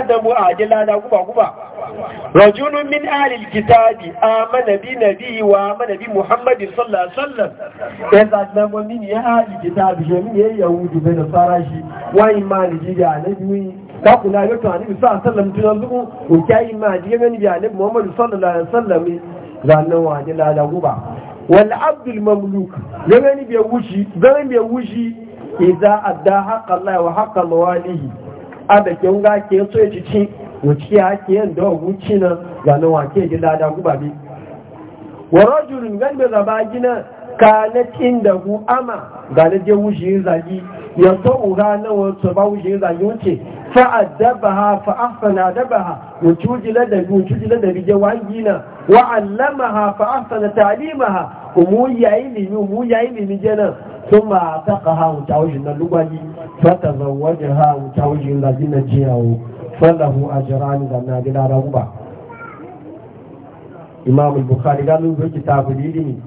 adamu a jila na guba-guba rajunun min alil kitabi a manabi nabi wa manabi muhammadu sallasallan ya zaɗaɓa min ya haɗi kitabi min ya yi yahudu da fara shi wayin ma ni jiri a nabi wuyi ta kula ya tuwa nabi sa sallam tun yanzu mu ko kya yi ma jiri ya nabi a nabi muhammadu sallasallam zaɗaɓa wa jila na guba wani abdul mamluk ya nabi ya wuce zan ya wuce idan adda haƙa Allah wa haƙa mawalihi adakin ga ke so ya ci wuci ya ke yin da wuci na wa ke gida da guba bi wa rajulun gan da zaba gina tin da hu ama ga na je wuce zagi ya so ura na wasu ba wuce zagi wuce فأدبها فأحسن أدبها وتوجل لدب وتوجل لدب جوانجينا وعلمها فأحسن تعليمها ومويا علمي ومويا علمي جنا ثم أعتقها وتعوجنا اللغة فتزوجها وتعوجنا الذين جيعوا فله أجران لنا بلا رغبة إمام البخاري قال له في كتاب العلم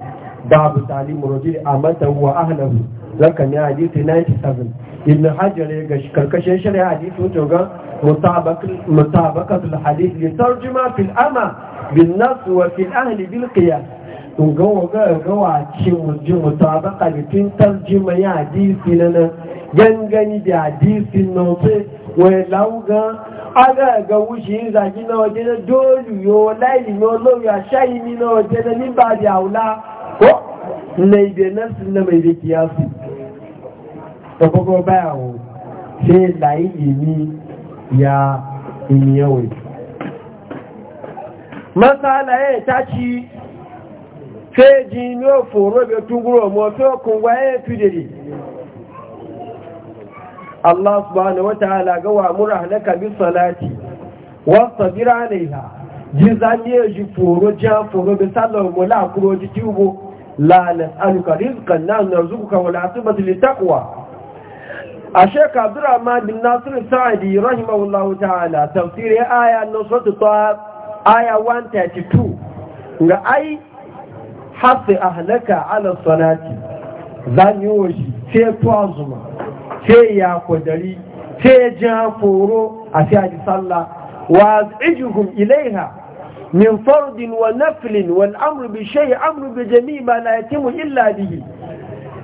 باب تعليم الرجل أمته وأهله zaka ne hadisi 97 ibn hajar ya ga karkashin shari'a hadisi wato ga mutabaqat al-hadith li tarjuma fil ama bin nas wa fil ahli bil qiyas to ga ga ga wace mujin mutabaqa bitin tarjuma ya hadisi nan gangani da hadisi na sai wai lauga aga ga wuce yin zaki na waje na dolu yo laili yo lori a shayi ni na waje na nimba da aula ko na ibe nasu na mai da kiyasi ọgbogbo báyàwó ṣe yìí ní ya wẹ̀. masala ẹ̀ tàṣí fèèjì ní òfò bí túnkúrò mọ́ tí ó kún wáyé fìdèrè Allah subhanahu wa ta'ala ga wa mura halaka bi salati wa sabira alaiha jizani e ji foro ja foro bi sallamu la kuro ji tubo la nas'aluka rizqan la narzuquka wa la tubati litaqwa A عبد الرحمن بن ناصر السعدي رحمه الله تعالى تفسير آية نصرة الطهاب آية 132 أي حث أهلك على الصلاة zan yi wa sai tuwa zuma sai ya kwadari sai ya foro a sai a ji sallah wa ijuhum ilaiha min fardin wa naflin wal amru bi shay amru bi jami'i ma la yatimu illa bihi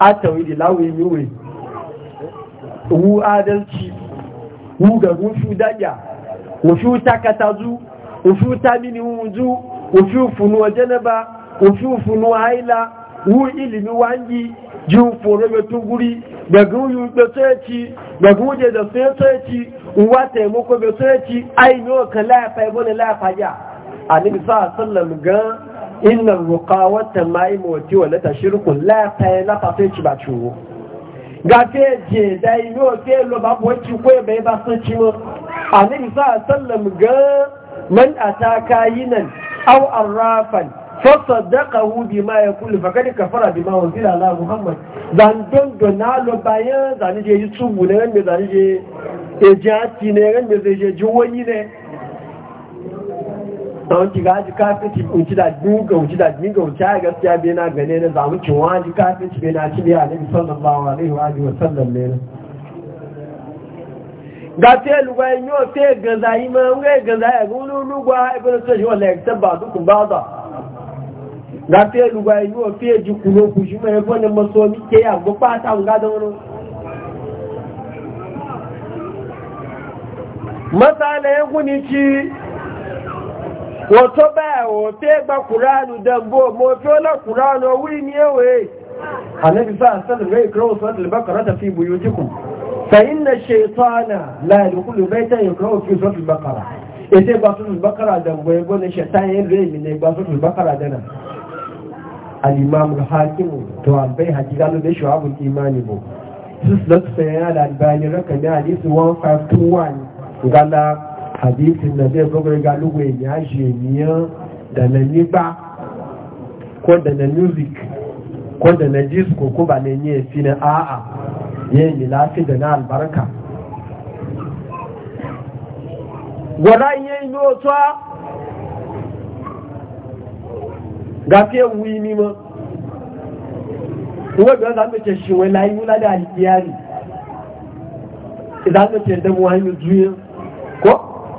a tawili lawi yiwe wu adalci wu ga gushu daya wushu takata zu wushu tamini wuzu wushu funuwa janaba wushu funuwa haila wu ilimi wangi ji foro mai tunguri daga wuyu da tsoyaci daga wuje da tsoyaci uwa taimako mai tsoyaci ainihin kan layafa ibonin layafa ya a nabi sa sallam gan inna rukawata wa tamai moti wa lata shirkun la ta la pa fe ci ba chuwo ga ke je dai o ke lo ba bo ci ko bai ba sun ci mo a sallam ga man ataka yinan aw arrafan fa saddaqahu ka fara faqad kafara wa zira ala muhammad Zan don na lo bayan e yi je yutubu ne ne dan je na, jati ne zai je je wani ne don ki gaji kafinci kunci da dinga wuci da dinga wuci a gaskiya bai na gane na zamu kin waji kafinci bai na ci da Annabi sallallahu alaihi wa waji wa sallam ne ga te luwa yin yo te ganza yi ma ngai ganza ya gulu luwa ibn sashi ba tabba dukun bada ga te luwa yin yo te ji kuno ku shi mai wannan maso mi ke ya go pata ga da wono masala ya guni ci wọ́tọ́ bẹ́ẹ̀ wọ́n tẹ́ gba kùránù dẹ̀mbò mọ́ fí ó lọ́kùránù owó ní ẹwẹ́ àlẹ́bífà sẹ́lẹ̀ ìkírọ́ yóò tíkù fẹ̀yìn na ṣe tọ́nà láàrùkúlù bẹ́ẹ̀tẹ̀ ìkírọ́ da shu'abul imani bo sis lot sayyana gala àdíyèsí nàbẹ́ gbogbo galúgbò èyàn àṣì ènìyàn dànà nígbà kó dànà music kó dànà disco kó bà lẹ́yìn ẹ̀fí na àà yẹ́ ìlú láti dànà albarka wọ́dá iye inú ọ̀tọ́ gafẹ́ wu ní mọ́ wọ́n gbọ́n lámẹ́kẹ̀ ṣìwẹ̀ láyé wúládà àdìyàrí ìdámẹ́kẹ̀ dẹ̀mọ́ ayé dúyẹ́ kọ́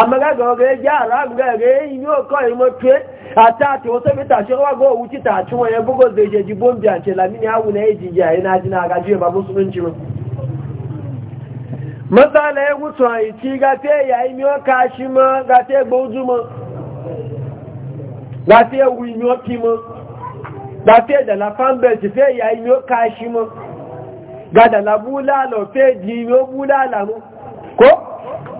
amagaga ga ya arabu ga ga yin ko yin motwe ata ti o se mi ta se wa go wuti ta ti won yen bugo ze je ji bombi an ce la mini awu na eji ja ina ji na ga ji e ba bu sunun ji masala ya wutu an ti ga te ya yin yo ka shi mo ga te gboju mo ga te wu yin yo ki mo ga te da la fanbe ti fe ya yin yo ka shi mo ga da la bula lo fe ji yo bula la mo ko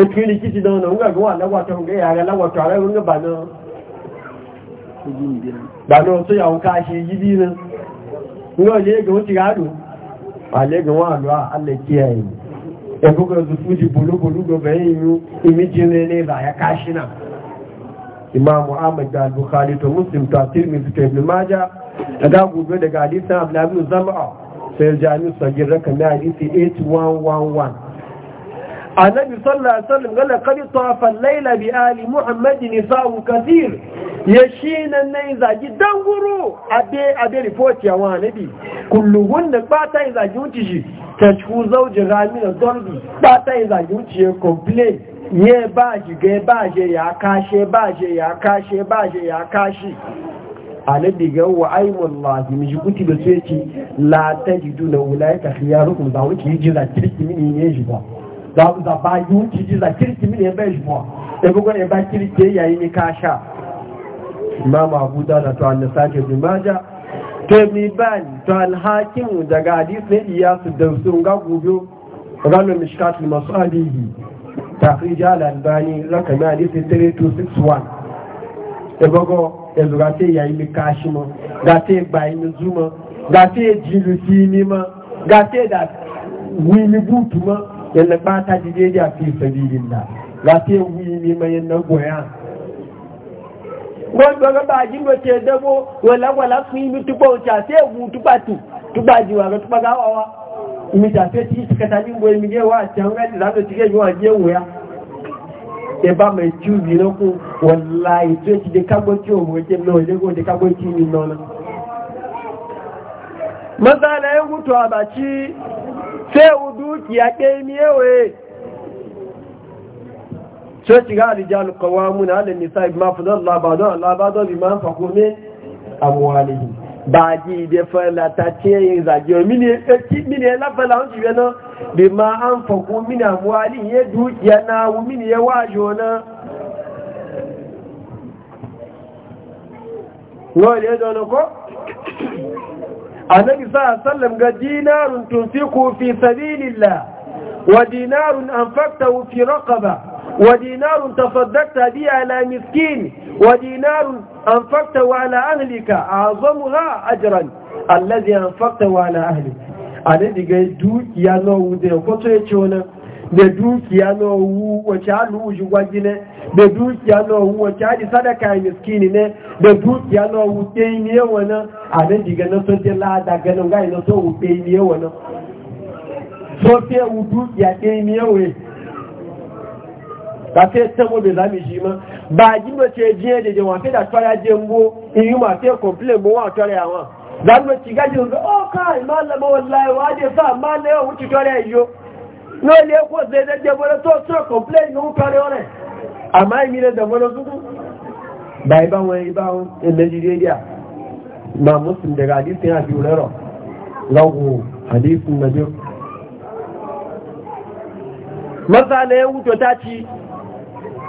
ètò ìrìkìtì náà nà ń gbàgbọ́ wà láwàtọ̀ ń gẹ́ ààrẹ láwàtọ̀ ààrẹ ń gbà náà tó yàwó káàṣì yìí náà ńgbọ́n lè imamu ahmad da bukhari to muslim to tirmidhi daga gobe daga hadisin abdullahi bin zam'a sai jami'u sagir rakam hadisi 8111 annabi sallallahu alaihi wasallam gala kadi tafa laila bi ali muhammad nisa'u kathir ya shine ne zagi guru. abe abe report ya wa nabi kulluhun da bata zagi wuce shi tashku zaujin rami da dorbi bata zagi wuce ya complain ye ba jige ba je ya kashe ba je ya kashe ba je ya kashi alibi ga wa aimun lafi miji kuti da su yake la ta jidu na wula ya tafiya rukun ba wuce yi jira kirki mini ne shi ba za mu zaba yi wuce ji za kirki mini ya bai jumuwa ya bugu ne ba ke ya yi ni kasha imam abu da da to an sake bin maja to mi ban to al hakim daga hadis ne iya su da su ga gobe ranar mishkatul masalihi takhrij al albani rakami hadis 3261 ya bugu ya zuga sai ya yi ni kashi ma ga sai ba yi zuma ga sai jilu fini ma ga sai da wili butu ma yalla bata jide ja fi sabilillah la fi wi mi mai na goya wọ́n gbọ́gbọ́ bá jígbò tí ẹ̀dẹ́gbó wọ̀lẹ́wọ̀lá fún ibi túpọ̀ òtí àti ẹ̀wù túpàtù túpàjìwà rẹ̀ túpàgá wà wá ìmìtàfẹ́ tí ìsìkẹta nígbò emigé wà àti àwọn ẹ̀dì lábẹ̀ tí gẹ́gbò àti ẹ̀wù ya ẹba mai tí ìrì lọ́kùn wọ̀lá ètò ẹ̀tì dẹ́kágbó tí òun ẹ̀jẹ̀ náà ẹ̀lẹ́gbò dẹ́kágbó tí ìrì náà sai dukiya ke miyewe sai shiga alijalu kawamuna ala nisa ibn mafudar labadon labadon bi ma fako ne abuwalihi ba ji da fala ta ce yin ẹjọ́ ọ̀nà kọ́? annabi sallallahu ga dinarun tunfiku fi sabilillah wa dinarun anfaqtahu fi raqaba wa dinarun tafaddaqta bi ala miskin wa dinarun anfaqtahu ala ahlika azamuha ajran alladhi anfaqtahu ala ahlika annabi ga dukiya nawo da ko to yace wannan da dukiya na owu wace hannu wuji gwaji ne da dukiya na owu wace haji sadaka ya miskini ne da dukiya na owu ke yi ne wani a nan diga na sun ce lada ganin gai na so wu ke yi ne wani so ke wu dukiya ke yi ne wani ba sai tamo bai zami shi ma ba ji mace jiye da jama fi da tsara jengo in yi ma sai complain ba wa tsara yawan zan mace gaji ga o kai malama wallahi wa je sa malama wuce tsara yiyo ní ó lé kó ṣẹ̀ṣẹ̀ jẹ́ bọ́lá tó A kọ̀pléìn ní ó parí ọ̀rẹ́ àmá ìmìnà dàbọ́lá tó a bàí bá wọn ibá wọn ẹgbẹ́ jírí ẹ̀díà ma mùsùlùm daga hadisin àti òrẹ́rọ̀ lọ́wọ́ hadisin nàbí masala ya wuce ta ci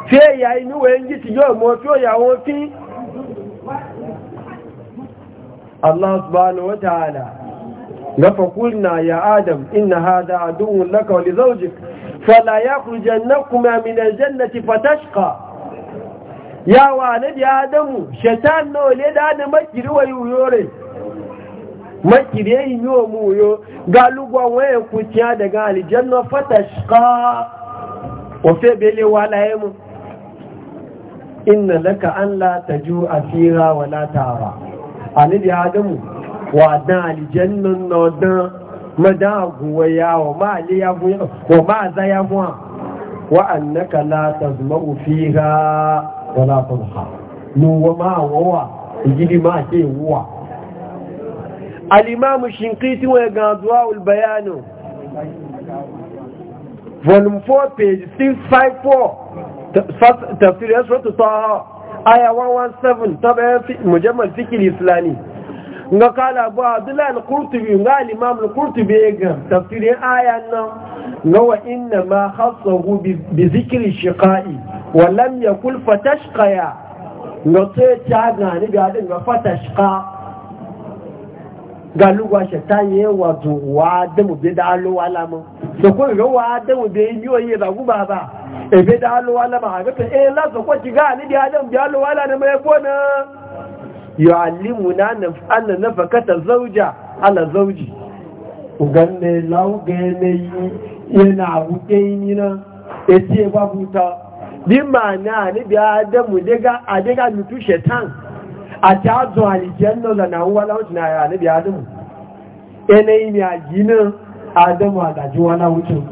fiye ni wayan giti yau mo fiye fi Allah subhanahu wa ta'ala gafa fakulna ya adam inna hada adun laka wa lizawjik fala yakhrujannakuma min aljannati fatashqa ya wa nabi adamu shaitan no le da da makiri wa yore makiri yi yo mu yo galugwa ya kutiya daga aljanna fatashqa wa fe bele la yemu inna laka an la tajua fiha wa la tara ani bi adamu wadan alijannan na wadan madan agunwaya wa ma za ya fún wa annaka la tazma'u fiha wa la tadha nuwa ma wawa igidi ma ke wuwa al-imam shinqiti wa gadwa al-bayan volume 4 page 654 tafsir surah mujammal fikr islami nga kala abu abdullahi al-qurtubi nga al-imam al-qurtubi e ga tafsirin e ayan nan nga wa inna ma khassahu bi zikri shiqai wa lam yakul ya. nga ce ta ga ni ga din ga fatashqa ga lugwa ta ye wa zu wa da mu bi da alu wala da so ko wa da mu bi ni oye ba gu ba. e bi da alu wala ma ga to e la so ko ti ga ni bi adam bi alu wala ne me bona yu'allimuna anna nafakata zawja ala zawji uganne ne yi yana wuke na eti e babuta bi mana ni bi adamu daga adiga mutu shetan a ta zo alijanna da na wala na ya ni bi adamu ene yi mi na adamu adaji wala wucin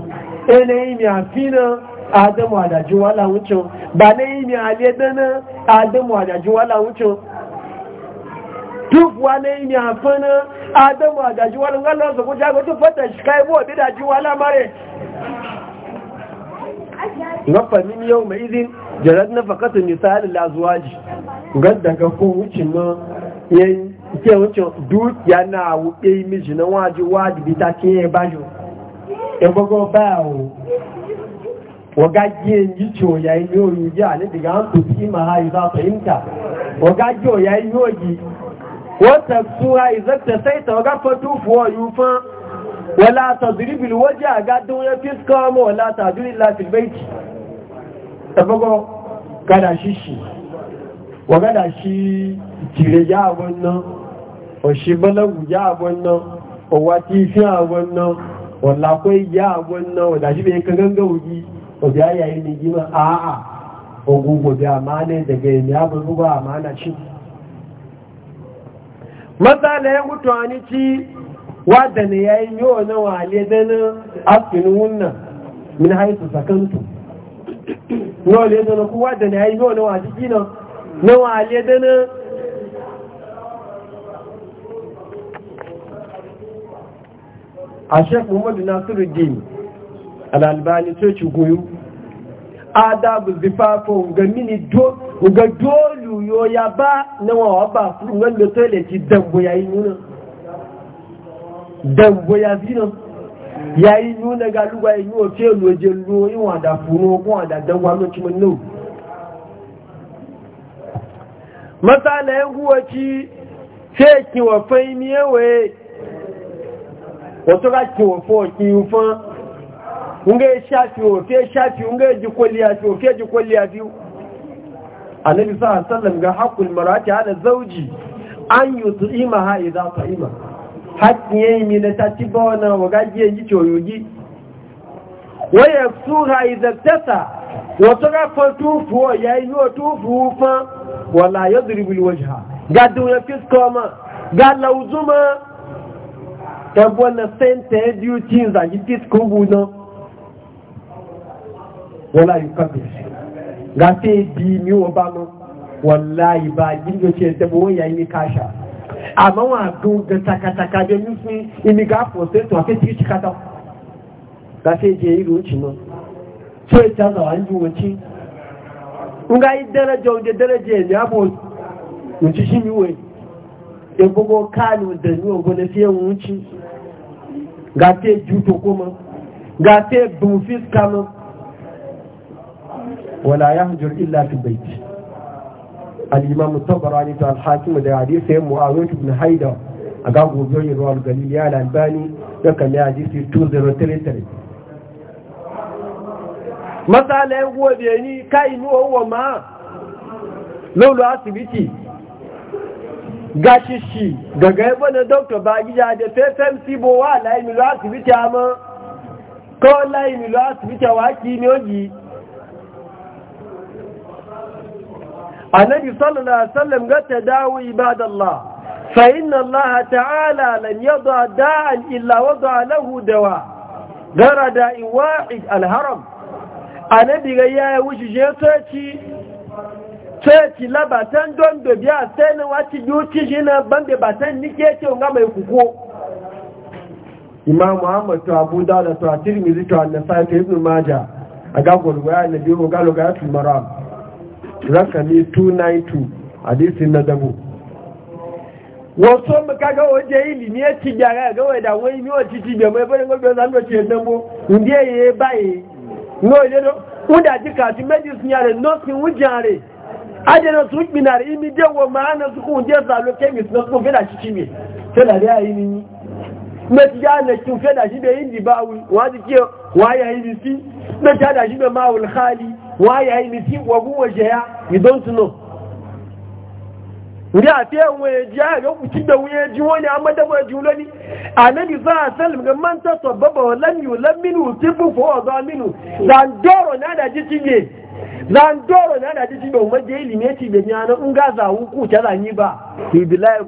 ene yi mi na adamu adaji wala wucin ba ne yi mi adamu adaji wala wucin tufuwa na yi hafana adamu a dajiwa da ngalon su kuja ga tufata shi kai bo bi dajiwa lamare gafa min yau mai izin jarar na fakatun misalin lazuwaji gadda ga ko wucin ma yayin ke wucin dukiya ya gogo wata suwa izarta sai ta gafa tufuwa yufan wala ta zuribil waje a gadon ya fiska wama wala ta zuri lafil baiti tafago gada shi shi wa gada shi jire ya abun nan o shi balagu ya abun nan o wa tifi abun nan wala lakwai ya abun nan o da shi bai kagan gauji o biya yayin ne gima a'a o gugu biya ma ne daga yi ya bugu ba ma na shi matsala ya mutu wani ci wadda ne ya yi yiwa na wale danin afinin wunan min haisu sakantu na wale danin ku wadda ne ya yi yiwa na wale gina na wale danin a shek muhammadu nasiru dini al'albani coci goyo adabu zifafo ga mini do ga dolu yo ya ba na wa ba ngan da toilet dambo yayi nuna dambo ya zina yayi nuna ga lugwa yi o ce loje lo yi wa da furo ko wa da dangwa no ci mun masala yan guwaci ce ki wa faimiye we wato ga ki wa fo ki ufan unga ya shafi ofe shafi unga ya ji kwalliya fi ofe ji kwalliya fi annabi sa sallam ga haƙul marati ala zauji an yi su ima ha idan ta ima haƙƙin yayi mi na tati ba wannan wagaji yanki coyoyi waya su ha idan tasa wato ga fa tufuwa ya yi wa tufu fa wala ya zuribil wajha ga duniya fisko ma ga lauzuma ta buwana senta ya biyu cin zagi fisko wọ́n láyé kọ́bì gàtí bí mi wọ́n bá mọ́ wọ́n láyé bá jíjọ tí ẹ tẹ́bọ̀ wọ́n yà ní káṣà àmọ́ wọn àdó gan takataka bẹ ní fún imi ká pọ̀ sẹ́tọ̀ àti tí kí kátà gàtí jẹ ìlú òkì mọ́ tí ó ti àzọ̀ àwọn ìwọ̀n tí nga yi dẹ́rẹ́jọ oúnjẹ dẹ́rẹ́jẹ ẹ̀mí àbò òtítí mi wẹ̀ egbogbo káàlù dẹ̀mí ògbọ́n fi ju wala yahjur illa fi baiti al-imam at-tabarani ta al-hakim da hadisi ya mu'awiyah ibn haida a ga gobe yin ruwan al-albani da kan ya hadisi 2033 masala ya gobe ni kai mu wa ma lolo asibiti gashishi daga yabo na doktor bagija da fefen sibo wa laimi lo asibiti ama ko laimi lo asibiti a ki ne oji annabi sallallahu alaihi wasallam ga tadawu ibadallah fa inna Allah ta'ala lam yada da'an illa wada lahu dawa gara da'in wahid alharam annabi ga ya wuce je tsoci tsoci labatan don do biya sai na wati duci jina bambe batan nike ce nga mai kuko imam muhammad to abu dawud to at-tirmidhi to an-nasa'i to ibn majah aga gol wa annabi ga lo ga maram rakami 292 hadisin na dabu wasu makaga waje ilimi ya ci gyara ga wai da wani miwa titi da mai bane gobe zan da ce dambo ndi ya yi bai? no ile do uda ji ka ti medicine ya re no sin wujare aje no su binar imi de wo ma na su kun je za lo chemist no ko feda chichi mi se da ya yi ni me ti ya na ki feda shi be indi bawi wa ji ki wa ya yi ni si me ta da shi be mawul khali Waye I miss him wa guwa jaya you don't know ndi afi enwe eji a ga kuci da wuye ji wani amma da mai julo ni annabi za a sallam ga man ta sababa wa lam yu lam minu tibu fa wa minu zan doro na da ji tibe zan doro na da ji tibe umma je ilimi tibe nyana in ga za wu ku ta zanyi ba ki bilahi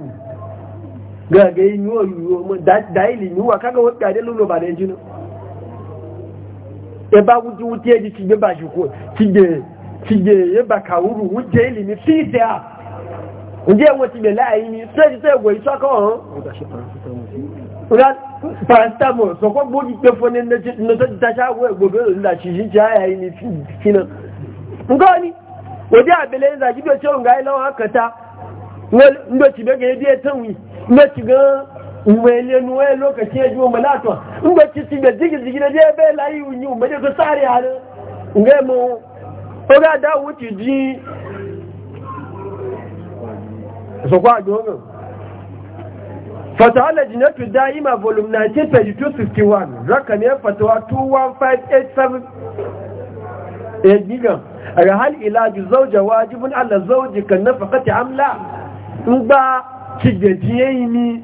ga ga yi yo yo da da ilimi wa kaga wa ga da lulu ba da jinu ẹba wújú wújú èjì ti gbé bá ṣùkú ti gbé ẹba kàwúrù wújú èlì ní sí ìsẹ́ à ǹjẹ́ ẹwọ ti gbé láàáyí ni sẹ́jì tẹ́ ẹgbẹ̀ ìṣọ́kọ̀ ọ̀hún paracetamol sọ̀kọ́ gbójú pé fún ní nọ́tọ́jú taṣáwọ́ ẹgbògbé òlúlà ṣìṣì ti àyàyí ni fínà ǹkọ́ ni òdí àbẹ̀lẹ̀ ìzàjíbẹ̀ tí ó ń gáyé lọ́wọ́ akẹta ńlọ́tì bẹ́gẹ̀ẹ́ bí gan. umele nuwe lokaci ya ji wa malatuwa in ba ci cibiyar jirgin jigi ya bai layi wunyi umar ya tsari halin ngai mu oga da wuce ji so kwa domin fatawa lajinatu da'ima volume 1932-51 rakam ya fatawa 21587 ya gigan a hal ilaju zauja wajibin allah zauji kan na fakati amla in ba cigajiyayi ni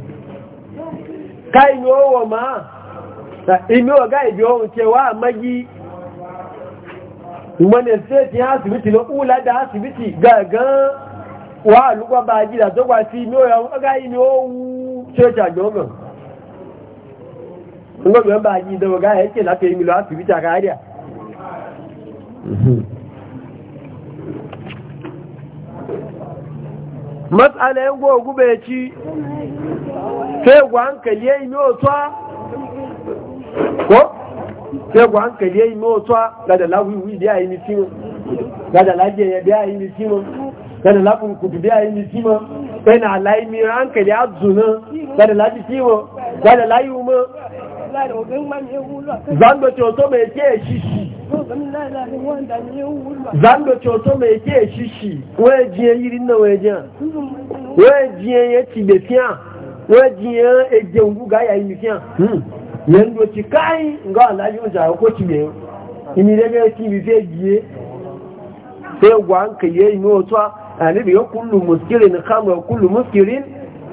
kai ni owo ma imi oga ibi ohun cewa amagi ìmọ̀lẹ̀ stéètì asibiti ló kú ládá asibiti gàgán wà lúgbà bá jídà tó gbà sí o ọ̀rọ̀ ọgá yìí ni ó ba ji àjọ́gàn nígbàgbọ́n eke jídà ọgá ẹ̀ṣẹ̀ láti ìmìlọ asibiti àkáyà matsala yin gowa gube ci sai gwa hankali ya yi miyotuwa ko? sai gwa hankali ya yi miyotuwa gada lawiwi biya yi misimu gada lajiya biya yi misimu gada lafin kudu biya yi misimu sai na alayi mi hankali a zuna gada laji gada layi umu zangoce oto mai ke shishi zando coto mai ke shishi wai jiye yiri na wai jiya wai jiye ya tibe fiya wai jiye ya ngu guga ya yi fiya yan hmm. do ti kai nga ala yi ja ko ti me ini de ga ti bi fe jiye fe gwa an kai yi no to ani bi kullu muskirin khamra kullu muskirin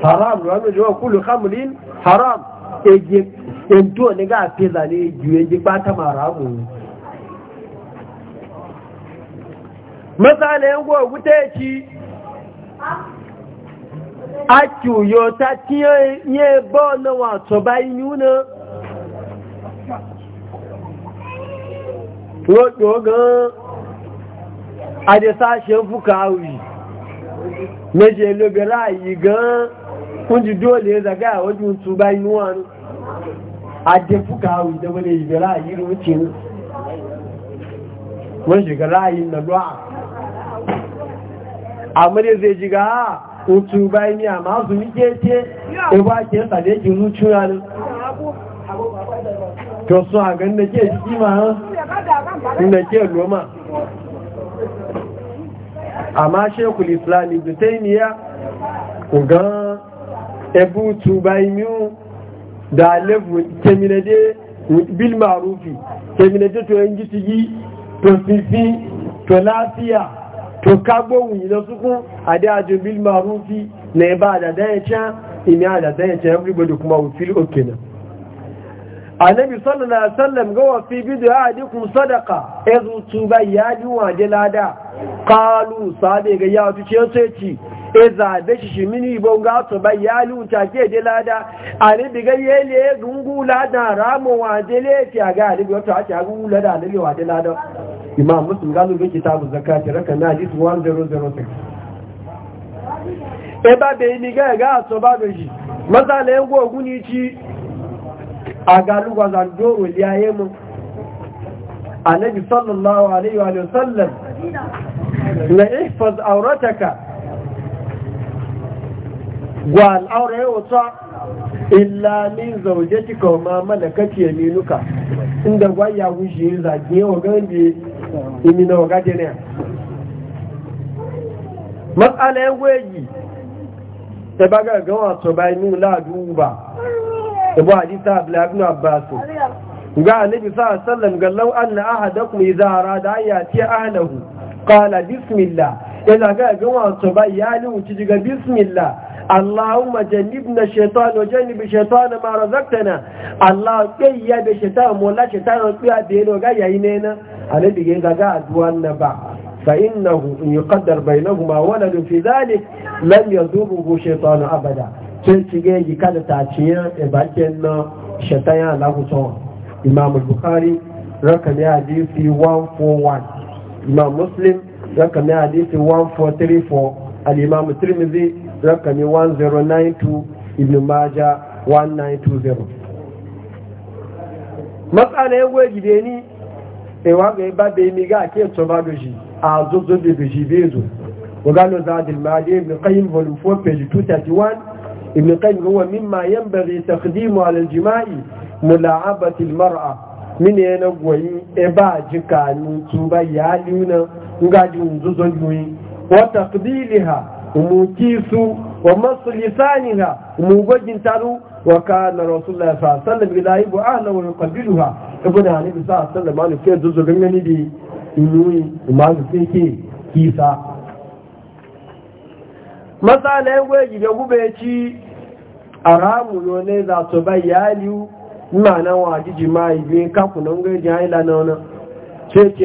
haram wa mi jo kullu khamrin haram eje en ne ga fe zale ju eje pa ta maramu matsalayen gwagwuta ya ci a kyuyo ta tiye ba na wato bayan nuna. roƙo gan a da sashen fuka hauri na jelobe ra'ayi gan kunji dole ya zaga a wajen su bayan yuna a da fuka hauri da wani ibe ra'ayi rocin wani shiga ra'ayi na lo'a amma dai zai ji ga hutu bayan miya ma su nike ce ya ba ke yasa da yake hutu ya ne to su a ganin da ke jiki ma ha inda ke loma amma shekul islami da ta miya ku ga ebu tu bayan miyu da alebu keminade bil marufi keminade to yan gitigi to fifi to lafiya to ka gbohun yi na suku a da ajin bil marufi na ya ba da daya can imi a da daya can everybody kuma wufil oke nan annabi sallallahu alaihi wasallam ga wafi bidu ya adikun sadaka ya zutu bai ya ji wa lada kalu sabe ga ya tuce ce eza be shi shi mini ibo ga to ba ya lu ta ke de lada ani ye le gungu lada ramo wa de le ti aga ni bi to a ti agu lada ni wa de lada imam muslim ga lu bi kitabu zakati rakan hadith 1006 e ba be ni ga ga so ba be shi le ngo ogun ni ti aga lu wa za do ro li aye mu annabi sallallahu alaihi wa sallam la ihfaz awrataka gwal aure wata illa min ko ma malakati nuka inda gwaya wuce zage wa gambe imina wa dene matsala ya gwaji ta baga ga wato la duba ta ba ibu hadita ibn abbas ga annabi sa sallam ga law anna ahadakum idza arada an ti ahlahu qala bismillah ila ga ga wato bai ya wuce diga bismillah اللهم جنبنا الشيطان وجنب الشيطان ما رزقتنا الله قيا يا بشيطان مولا شيطان قيا بينو غايا ينينا على بيجين غا ادوان نبع فانه يقدر بينهما ولد في ذلك لن يذوبه شيطان ابدا تلتقي كذا تاتيا اباكن شيطان لا امام البخاري رقم حديث 141 امام مسلم رقم حديث 1434 الامام الترمذي rakami 1092 ibn maja 1920 matsala ya gwe gide ni ewa ga ba da yi ga ke tsoba da shi a zozo da da shi bezo wagano za da ilmadi ibn qayyim volume 4 page 231 ibn qayyim huwa mimma yanbaghi taqdimu ala aljima'i jimai mula'abati al-mar'a mini yana goyi e ba jikanu tuba yaliuna ngajin zozo yi wa taqbiliha umukisu wa masu lisaniha umugwajin taru wa kana rasulullah sallallahu alaihi wasallam ila yibu ahla wa ha ibn hanibi sallallahu alaihi wasallam ne ke zuzu gangani di inuyi imamu ke kisa masala ya gwaji da gube ci aramu za su bai yaliu wa jiji ma kakunan na wani ce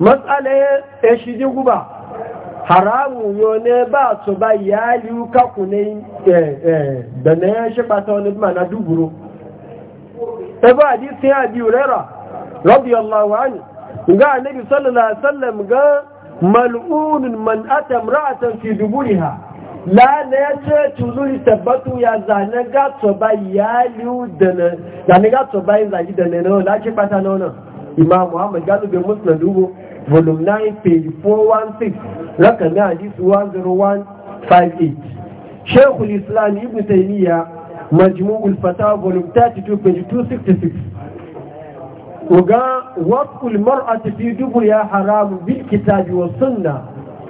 matsala ya shi ji guba haramu yo ne ba su ba ya liuka ku ne eh, eh, da na ya shi ba ta wani ma na duburo ebe hadisi ya bi urera radiyallahu anhu ga annabi sallallahu alaihi wasallam ga mal'unun man ata imra'atan fi duburiha la na ya ce tuzuri tabbatu ya zane ga ba ya liu da na zane gato ba yin zagi da na na lafi fata na wannan imam muhammad gano bin muslim dubu volume 9 page 416 rakami hadisi 10158 al islam ibn taymiya al Fatah, volume 32 page 266 وقال وصف المرأة في دبرها حرام بالكتاب والسنة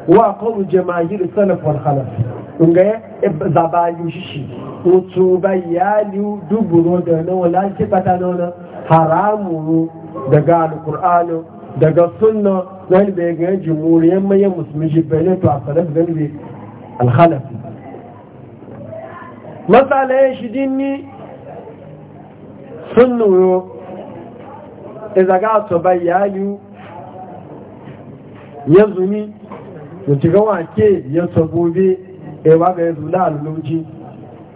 وقول جماهير السلف والخلف nga zabayu shi mutu bayani duburo da nawa lafi bata haramu daga alkur'ani daga sunna wani bai ga jimuriyar mayan musulmi shi bai to a salaf gani bai alhalafi matsala ya shi dinni sunnu yo izaga to yayu ya zuni da gawa wake ya sabobe ewa ga ya zula alluji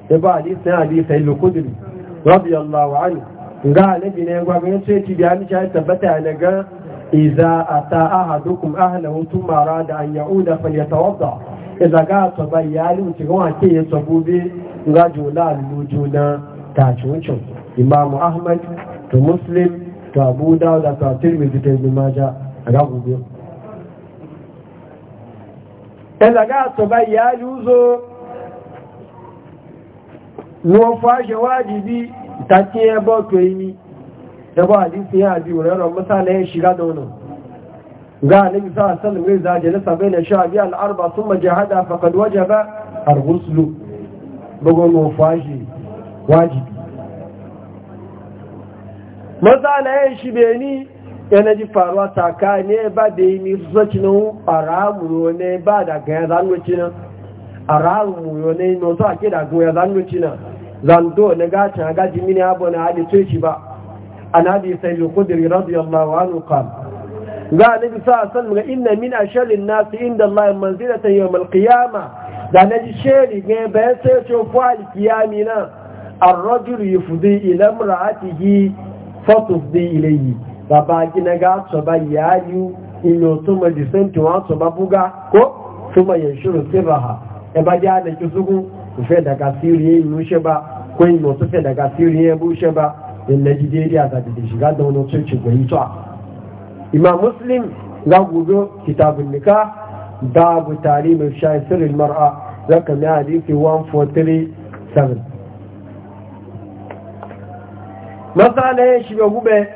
ya e ba hadisai hadisai lokudin rabiyallahu anhu ga alabi ne gwagwani sai ki biya nisha ya tabbata ya ga iza a ta ahadukum ahlahu tumara da an ya'uda fal yatawadda iza ga to bayali mu cikin wake ya sabubi ga jula lujuna ta cuncu imamu ahmad to muslim to abu da da ta tirmidhi da ibn majah ga gobe iza ga to bayali uzo mu fashe wajibi ta ce ya yi ni da ba ya abi wuraren misali ya shiga da wani ga annabi na sabai na sha biya al'arba sun majahada fakad wajaba ar-ruslu bugun zando na gata ga jimini abu na hali shi ba A hadi sai al radiyallahu anhu ga nabi sa sallam ga inna min asharin nasu inda Allah manzilatan yawmal qiyama da naji sheri ga bayan sai ce fa'al qiyami na ar-rajul yufdi ila imra'atihi fatufdi ilayhi ba kina ga so ba yayu ino to ma disanti wa so ba buga ko kuma yashuru sirraha e ba ja da fẹ́ daga siriye inú ṣe bá kó ìmọ̀ tó fẹ́ daga siriye bú ṣe bá ilẹ̀ jíde àtàdìdì ṣìgá dán tó ṣùgbọ́n yìí tọ́ ìmọ̀ muslim gbàgbọ́dọ̀ kìtàbù da dáàbò tààrí mai ṣá ìṣẹ́lẹ̀ mara rakami àdìsí one four three seven. masala ya shiga gube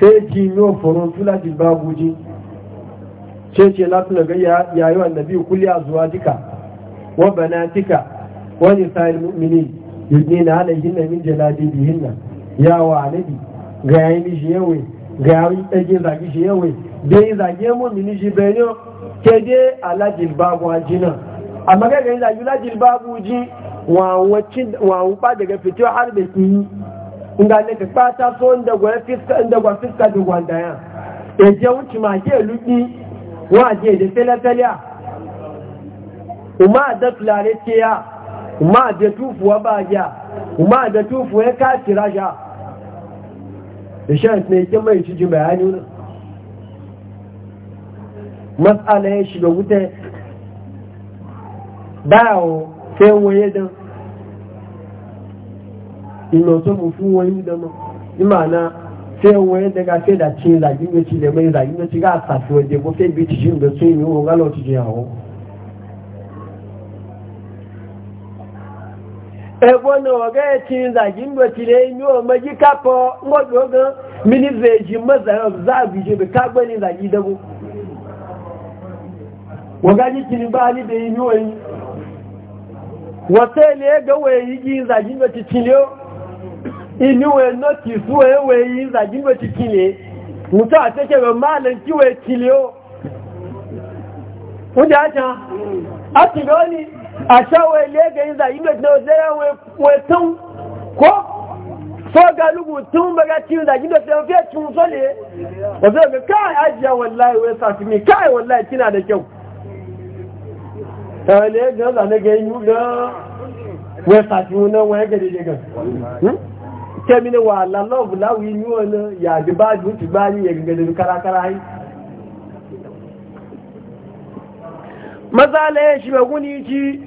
sai ji yau furon fulajin babuji ce ce latin da ya yi nabi zuwa duka. وبناتك ونساء المؤمنين يدنين عليهن من جلابيبهن يا والدي غايني جيوي غاوي اجي زاجي جيوي بي زاجي مؤمنين جبينو كدي على جلباب واجنا amma ga ga zaji la jilbabu ji wa wacin wa daga fito har da ki inda ne ka fata so inda gwa fiska inda gwa fiska da gwa daya e je ma ke lubi wa je da tele tele kuma da tulare ce ya kuma da tufuwa ba ya kuma da tufuwa ya kaci rasha da shan ne ke mai bayani matsala ya shiga wuta na fẹ́ wọnyé dán ká ebo na oga eti nzaji mgbechiri ome gị kapọ ngwaji oge minista eji mmeza observe ijebe kagbe ni nzaji idogbo gị kiri ba ni da oyi wata ile ego wee iji nzaji mgbechikili o inu wee notice wee wee yi a a cewa lega yin zayi mai na wajen wetan ko so ga rubutun baga cikin da sai cin so ne wajen ga kai ajiya wallahi wai sa su kai wallahi kina da kyau ta lega zane ga yi ga wai sa su wai ga dai ga hmm? wa la love ni wona ya bi ba ju ti ba ni ya gele kara yi maza shi ba ji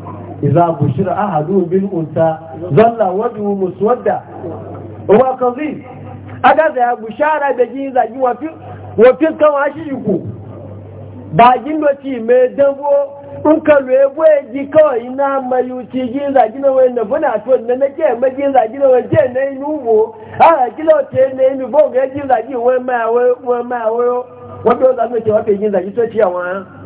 إذا بشر أحدهم بالأنثى ظل وجهه مسودا هو كظيم أجازة بشارة بجيزة وفي وفي كواشيكو باجين وتي مدبو in ka lebo ya ji kawai na mayu ci jin zagi na wani na buna to na na ke ma jin zagi na wani ce na yi nubo a kila ce na yi nubo ga jin zagi wani ma wani ma wani wani wani wani wani wani wani wani wani wani wani wani wani wani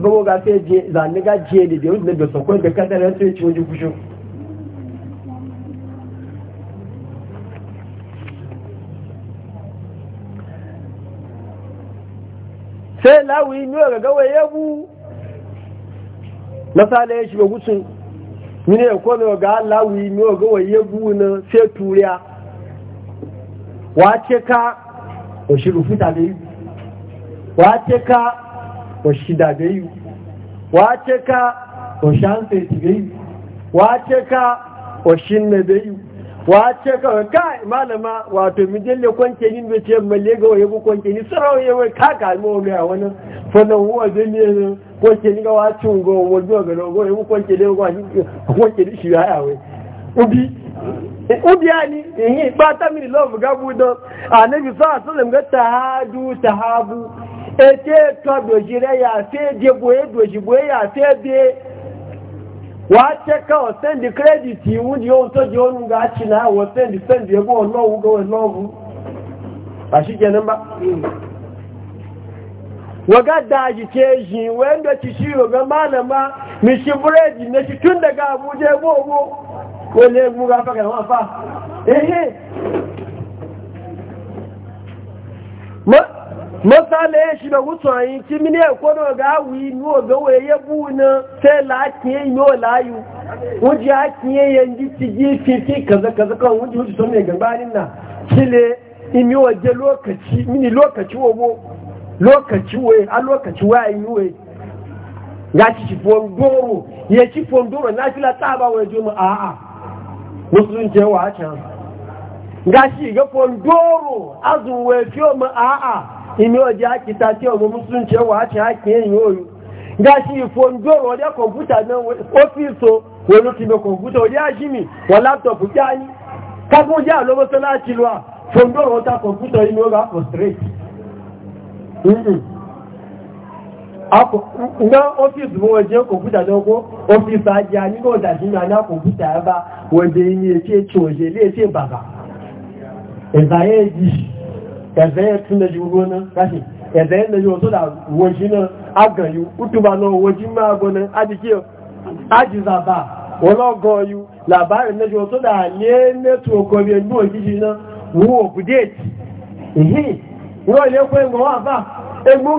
gogo ga sai je zanni ga je da da wanda da sokon da kada ran sai ciwo kushu ga gawa yabu ya shiga gutsun ya kone na sai turiya wace ka o shi rufuta Oshida bayu wace ka washansa ti bayu wace ka washinna bayu wace ka kai malama wato mijalle kwanke nin da ce malle ga waye bu kwanke ni sarau ye ka ka mu ga wani fana huwa da ne kwanke ni ga wacin go wo do ga go ye bu kwanke le go kwanke shi ya ya ubi ubi ani ihe kpata mmiri lọv gabudo anabi sọ asọlọm ga tahadu tahabu ete eto dojire ya fe de boye doji boye ya fe de wa cheka o send credit iwu di ohun to di ohun ga achi na wo send send ego ọlọ́wù ga ọlọ́wù àṣìjẹ nígbà waga daji ga malama mishi buredi ó lé múra fẹ́kẹ̀ wọ́n fà ehe mọ́sálẹ̀ ṣìlọ̀ yìí tí mí ní ẹ̀kọ́ náà gá inú ògbówó eyé bú na tẹ́ láàkíyẹ inú ọ̀láyù wọ́n jẹ́ àkíyẹ yẹn ti jí fífí kàzàkàzàkà wọ́n jí lokaci mini lokaci lokaci a lokaci yi ci ya ci wa a'a musulunci yawa can gashi ga fondoro azuwe fiye mu a'a ime oji haki ta Musulun mu musulunci yawa can haki yin yoyo gashi fondoro wadda kwamfuta nan ofiso wani ti mai kwamfuta wadda ya shi mi wa laptop ya ni kakun jẹ́ àlọ́wọ́ sọ́lá àti lọ́wọ́ fondoro ta kwamfuta ime oga frustrate na ofis mu waje kwamfuta na ko ofisa ajiya ni ko da shina na kwamfuta ba wanda yi e ne ce ce waje ne ce baba ezaye ji ezaye tun da ji na kashi ezaye da ji wasu da waje na agayu utuba na waje ma gonan ajike aji zaba wọlọ́gọ́ yu làbáyé lẹ́jọ́ tó dà ní ẹ̀mẹ́tù ọkọ̀ bí ẹgbẹ́ òjíjì náà wọ́n òkú ìhìn wọ́n ilé fún ẹgbọ́n wà ẹgbọ́n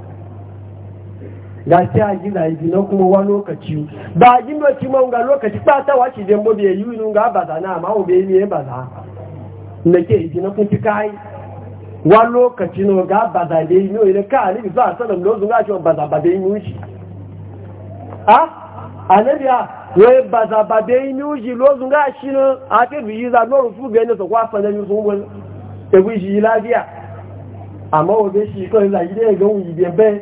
ga sai a gina yi na kuma wa lokaci ba a gina ci ma ga lokaci ba ta wace jan bobe yi nun ga ba na amma obe ne ba za na ke yi na kun fi kai wa lokaci no ga ba za da yi no ina ka alibi za a sanar lozun ga shi ba za ba da yi nuji a anabi a wai ba za ba da yi nuji lozun ga shi no a ke bi yi za no rufu ga ne so kwa fa na e yi sun wani ebu shi lafiya amma obe shi kawai za yi da yi ga wuyi bebe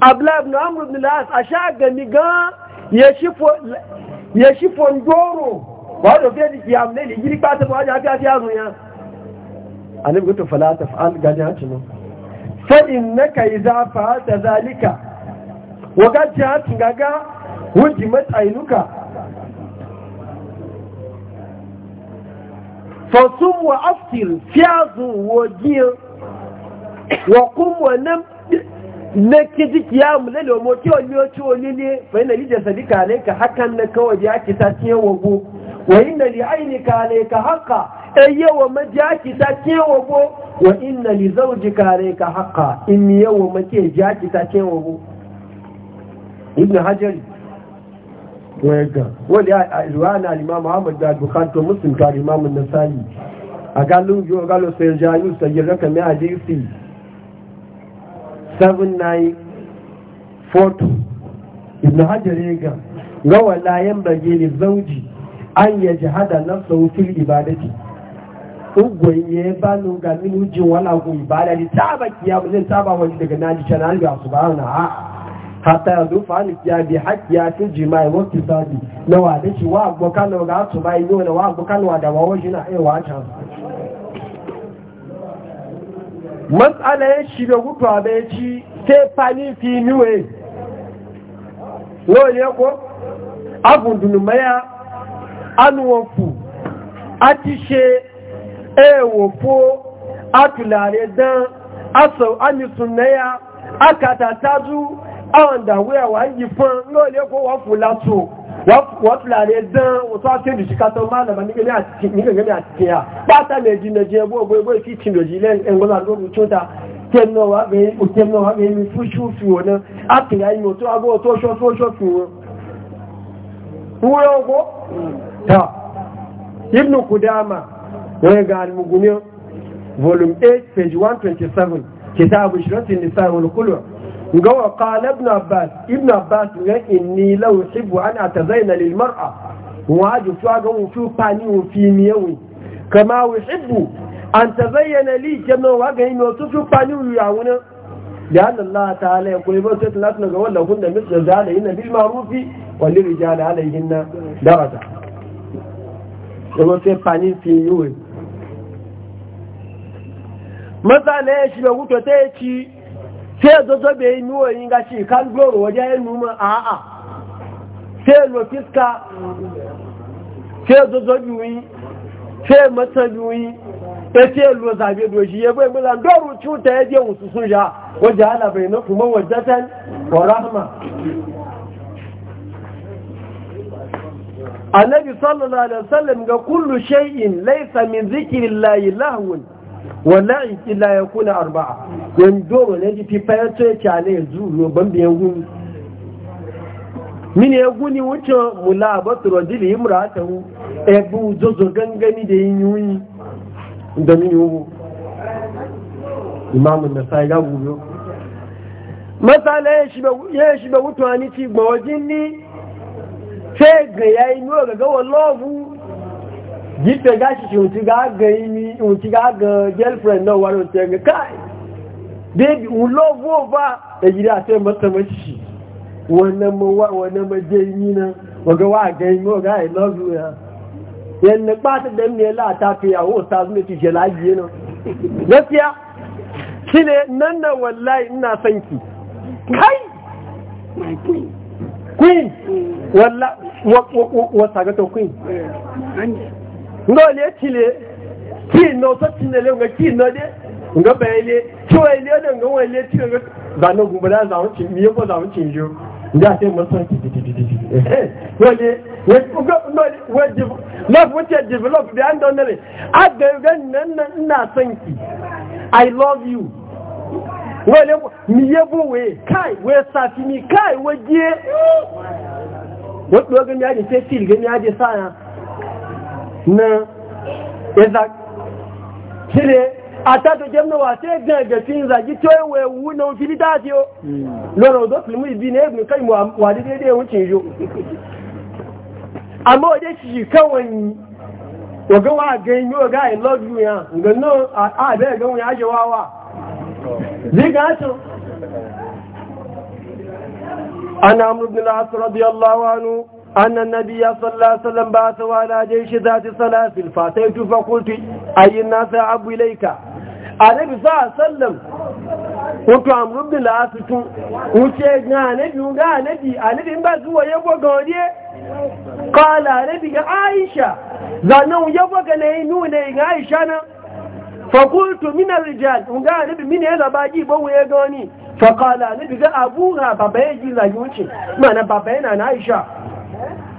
abdullahi ibn amr ibn al-as a sha gami ga ya shifo ya shifo ndoro ba da fiye da kiyam ne da giri kata ba ya fiye yazo ya annabi goto fala ta fa'al gani a cikin fa innaka idza fa'alta zalika wa gajji ha gaga hujimat ainuka fa sum wa aftir fiyazu wa giyar wa kum wa nam na kiji kiyamu na lomo ki wani yoci wani ne fa na lijin sadika ne ka hakan na kawai da yaki ta ciye wago wa inna li aini ne ka haka e yawa ma ji yaki ta ciye wago wa inna li zaujika ne ka haka in yawa ma ke ji yaki ta ciye wago ibn hajjari wega wani a ruwana na imam ahmad da bukhari to muslim ta imam an-nasa'i a galo yo galo sai jayu sai raka mai hadisi 7942 ibn hajar ya ga ga wala yan bage ne zauji an ya ji hada na sautin ibadati ugwai ya ba nun ga min hujjin wala ku ibada ne saba kiyamu zai saba wani daga naji canan ga su ba na a'a hatta ya zo fa ni ya bi haƙƙi ya fi jima'i wa kisabi na wa da shi wa abokan wa ga su bai yi wa abokan wa da wa wajina ai eh, wa can matsala ya shiga gutu a bai ci sai fani fi niwe lóòrè ko abùndùnmẹ́yà anuwọ̀fù a ti ṣe ẹ̀wọ̀fó e atùlàrẹ̀ dán asọ̀ amìsùnmẹ́yà akàtàtàzú àwọn ìdàwẹ́ yi yìí fún lóòrè ko wọ́n latu. wọ́n lè dán òtún àkéjì sí kátọ́ máa lọ́mọ a. àti ya pátá lè jìnà jẹ ẹgbẹ́ ogbó ẹgbẹ́ ìfì tìlò jí lẹ́ngbọ́nà lórí tó ta tẹ́mọ́wàá bẹ̀rẹ̀ mi fúṣú fi wọ́n náà àtìyà inú tó agbó tó ṣọ́ fi wọ́n wúrẹ́ ta "Ibnu kudama wọ́n ga almuguniyar volume 8 page 127 kitabu shiratin nisa wal ga wa qala ibn abbas ibn abbas ga inni law uhibbu an atazaina lil mar'a wa ji tuwa ga mu fi pani mu fi miyawi kama uhibbu an tazayyana li kama wa ga ni to fi pani mu ya wuna da Allah ta'ala ya kuli ba sai tana ga wallahu kunna misal zalayna bil ma'rufi wal rijal alayhinna daraja yabo sai pani fi yiwe maza ne shi ba wuto ta yi sai zozo bai yi nuwa yin gashi kan goro waje ya numa a a sai lofiska sai zozo juyi sai mata juyi ya ce lo zabe doshi ya e bai mula doro cuta ya e je wasu sun sha waje ala bai na kuma wajatan wa rahma annabi sallallahu alaihi wasallam ga kullu shay'in laysa min zikrillahi lahwun wallahi illa ya kuna arba'a don doro ne jifi fayar to yake ale ya zuru ban biyan guni mini ya guni wuce mula ba su rajili yi murata hu ebu zozo gangani da yin yuni da mini hu imamun da sai ga gudu masala ya shi ba wutuwa ni ci gbawajin ni sai ga yayi nuna ga gawa lobu gípẹ̀ gáṣì ṣe òtí gáàgẹ̀ imi òtí gáàgẹ̀ girlfriend náà wà lóòtí ẹgbẹ̀ káì débi òun ló wó bá èyí àti ẹmọ́tọmọ́ ṣì wà gẹ́ imi ọ̀gá i love you ya yẹn nípa ti dẹ́mi ki queen wallahi nga ole chile ki no so chinele nga no de nga bele cho ele de nga wele ti nga za no za on chin miyo za se mo so ti ti ti ti wele we nga no we love what you develop the and on there ga na na na i love you wele miyo bo we kai we safi mi kai we je di na ya kire a tato jemna wa sai ganga cin zagi to yawa wunan filitati yo hmm. lona ozo filmu ibi ne kai wa wa gan ga i love you ya ga no a je ana al-as radiyallahu أن النبي صلى الله عليه وسلم بعثه على جيش ذات سلاسل فأتيت فقلت أي الناس أعب إليك النبي صلى الله عليه وسلم wato amurin da la'asutun wuce ga anabi ga anabi anabi ba zuwa yabo ga wariye kala anabi ga aisha zanen yabo ga na yi nuna ga aisha nan fakultu minar rijal ga anabi mini ya zaba ji ba wuye ga wani fakala anabi ga abu ha wuce na aisha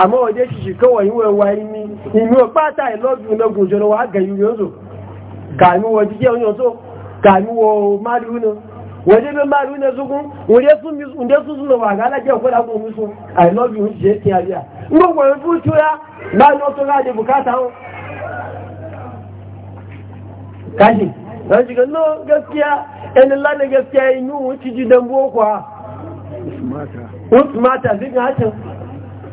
àmọ́ ọjẹ́ ṣìṣì kọwọ̀ ìwọ̀ ẹwà imi inú pátá ìlọ́gbì ológun jọrọ wà gẹ̀yìn yóò kàmíwọ̀ jíjẹ́ oyàn tó kàmíwọ̀ márùn-ún wọ́n jẹ́ márùn-ún ní ẹni lánàá gẹ́síá inú ti jí dẹ̀ mbó kwa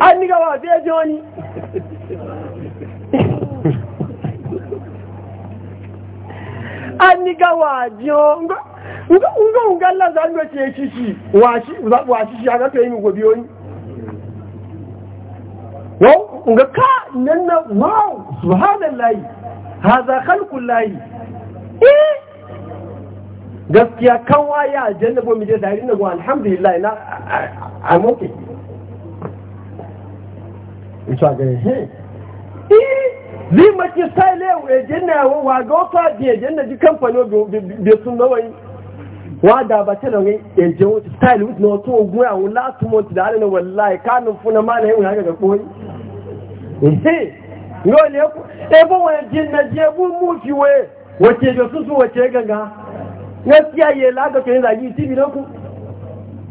an ni wa sai je wani an ni gawa jiyo nga unga laza ndo ce shishi washi washi shi a kai mu gobe wani wow nga ka nan na wow subhanallahi hadha khalqullahi eh gaskiya kan waya jannabo mi je da irin na go alhamdulillah na I'm okay ìṣọ́ àgẹ̀rẹ̀ hìn zai maki style ya jinna wa ga wata biya jinna ji kamfani bai sun nawa yi wa da ba ta nan ya je wata style wuce na wata ogun ya wula su mota da hannun wallahi kanun funa ma na yi e wani haka ga koyi ehe yau ne ku ebe wani jinna je bu mufi we wace ga su su wace ganga gaskiya ya laga to yin zagi tibi na ku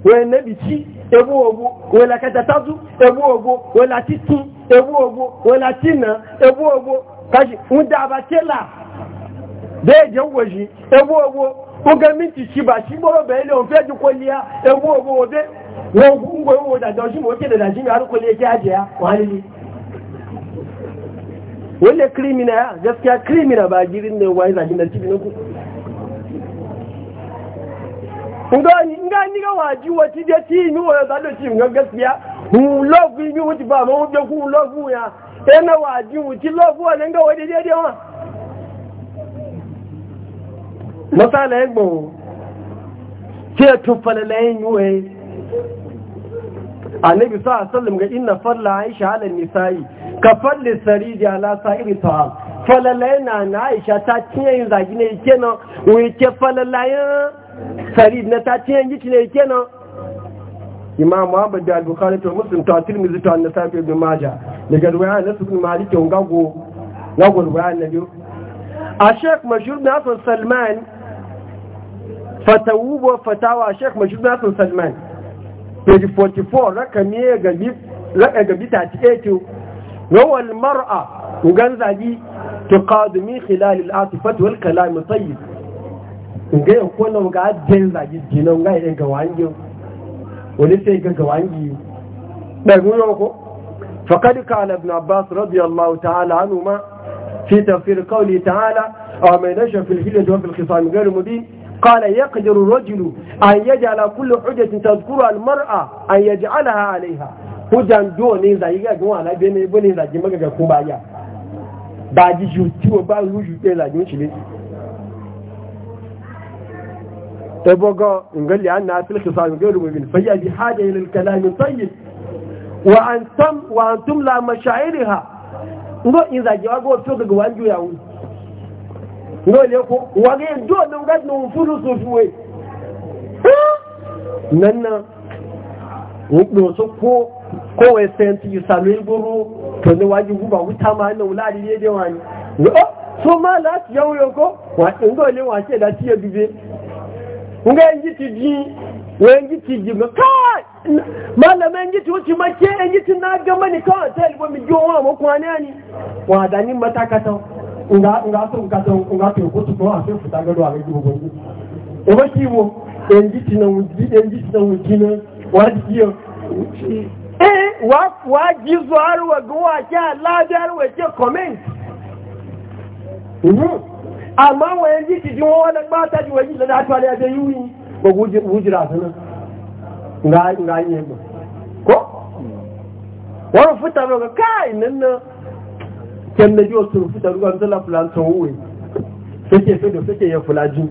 wani e na bici ewu ogbo wela kẹtẹtatu ewu ogbo wela titun ewu ogbo wela tina ewu ogbo kashi ń dába tẹ́là bẹ́ẹ̀ jẹ́ ewu ogbo ó gẹ́ mìtì ṣìbà ṣígbọ́rọ̀ bẹ̀ẹ́ lè òfẹ́ ya ewu ogbo òde wọn ń gbọ́ owó dàjọ́ sí mọ́ kéde dàjí mi arúkọ lè jẹ́ àjẹ́ wọn lè wọ́n gaskiya kírímìnà ba girin ne wani e zaji na cikin ku ngani ngani ga waji wati je ti mi wo da do ti nga gaskiya hu love mi wuti ba mo je ku love ya ena waji wuti love wa nga wadi je de wa masala egbo ti e tun falala e yin we annabi sallallahu alaihi wasallam ga inna falla aisha ala nisa'i ka falli saridi ala sa'iri ta'am falala e na na aisha ta cinye yin zagi ne kenan wuce falala yin e. farid na ta ce yanki ne kenan imam muhammad da al-bukhari to muslim to at-tirmidhi to an-nasa'i ibn majah daga ruwaya na ibn malik on gago gago ruwaya na biyu a sheikh mashhur bin hasan salman wa fatawa sheikh mashhur bin hasan salman page 44 rakami gabi raka gabi 38 wal mar'a ugan zagi tuqadu min khilal al-atifat wal kalam tayyib nga ya kona ga den zagi jina nga yi ga wangi wani sai ga ga wangi da guyo ko faqad kana ibn abbas radiyallahu ta'ala anhuma fi tafsir qawli ta'ala aw ma nasha fil hiljah wa fil khisam ghayr قال يقدر الرجل أن يجعل كل حجة تذكرها المرأة أن يجعلها عليها hujjan do zai ga gwa na bene bane zai magaga baya ba ji ju ciwo ba ruju zai ebogo ngali anna fil khisam ghayr mu'min fa yaji haja ila al-kalam tayyib wa antum wa antum la mashairiha ngo inza jawago to daga wanju ya wu ngo le ko wage do da ngad no fulu so fuwe nanna wo so ko ko we senti yusalu buru to ne waji guba wutama na ulali ne de wani so ma lati yawo ko wa ngo le wa ce lati ya bibe nga nji ti ji we nji ti ji ma kai malama nji ti wuce ma ke nji ti na ga ni kawai sai libo mi ji wa mu kwane ani wa da ni mata ka san nga nga so nga so nga to ko to wa sai futa ga do a ga ji gogo ba ki wo nji ti na wuji nji ti na wuji na wa ji yo eh wa wa ji zo wa go wa ke Allah da har wa ke comment mhm. amma wayan ji wa jiwo wani bata ji wajen da dafa ne a yi ba gujira su nan ga yi ba ko wani fita ba kai nan na kyan na jiwa sun fita ruwan zala fulan sauwe suke fi da suke yi fulajin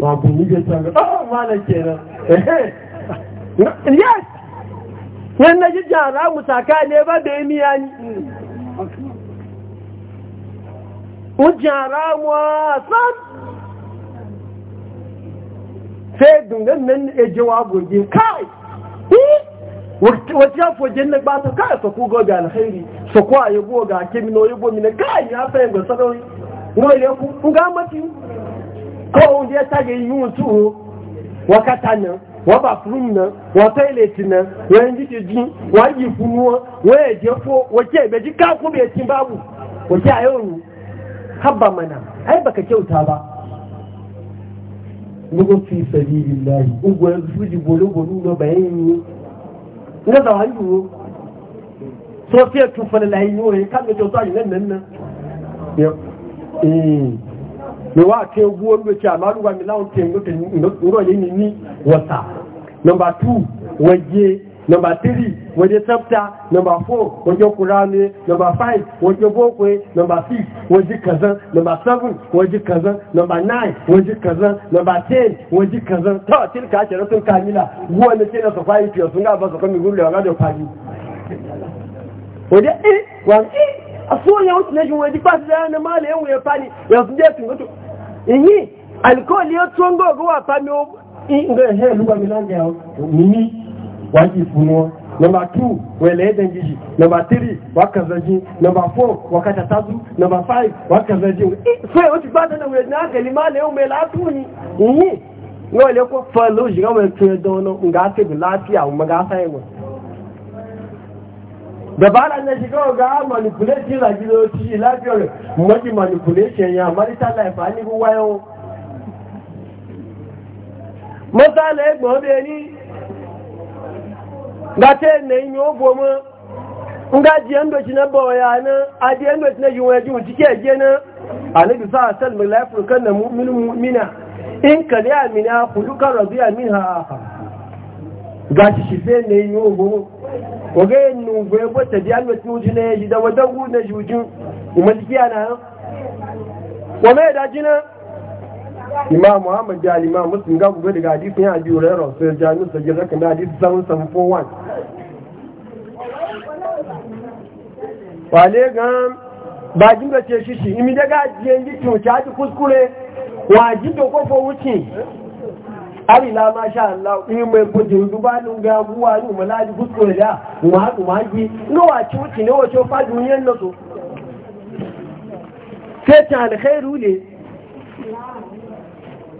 ba bu ni bai tanga ah malam kenan yes yan na ji jara mutaka ne ba da yi miya ni ujara wasan sai dungan nan ejewa gogin kai wata ya foje na kai su kugo ga alkhairi su ko a ga kimino yabo mina kai ya fayin sarari wani ne ku nga mati ko wakata wa ba wa toilet wa wa yi funuwa wa je fo wa ke be ji ka ku be tin babu wa ayo habba mana ai baka kyauta ba nugo fi sabilillahi ugo ya fuji bolo bolo da so fi tu fa la ga nan nan eh me wa ke ruwa mi lawo ke ni wasa number 2 waje Number three, waje tsafta. Number four, waje kur'ani Number five, waje bokwe. Number six, waje kazan. Number seven, waje kazan. Number nine, waje kazan. Number ten, waje kazan. Ta til ka ce rufin kamila. Guwa na ce na su fayi fiye sun gaba su kami gudu da a so ya wuce na shi waje ba su zai na mala yan wuya fani ya su je sun gato. Iyi, alkohol ya tsohon gogowa fami o. Ina ga ihe wọ́n yìí fún wọn number two wẹ̀lẹ̀ ẹ̀dẹ̀ jìjì number three wà kàzẹ̀jì number four wà kàtàtàzù number five wà kàzẹ̀jì fẹ́ o ti gbádẹ́ náà wẹ̀dẹ̀ náà kẹ̀lì máa lè ó mẹ́lá tún ní ìyí wọ́n lè kó fẹ́ lóòjì náà wẹ̀ tún ẹ̀dọ́ náà ń gá tẹ̀bù láàfíà àwọn ọmọ gáfà ẹ̀wọ̀n dabara na shiga ga manipulation la gido ti lafi ore mo ti manipulation ya marital life ani bu wayo mo ta le gbon be ni gata na yi obo mu nga ji yan na ya na a ji yan na je na a na sal mai laifin na mu'minu mu'mina in ka amina mina kulukan rabu ya ga shi shi fe na yi obo mu waga yin nubu bata ji na ya ji da wadangu na jujun wa daji na imam muhammad da imam muslim ga gobe daga hadisin ya abi hurairah sai jami'u sai ya kan da hadisi 741 wale gan ba jin da ce shishi imi daga jiyan ji to ta ji kuskure wa ji to ko fo wuce ari la ma sha Allah in mai gudun dubalin ga buwa ni mu laji kuskure da mu ha mu haji no wa ci wuce ne wa to fa duniyan na so sai ta alkhairu ne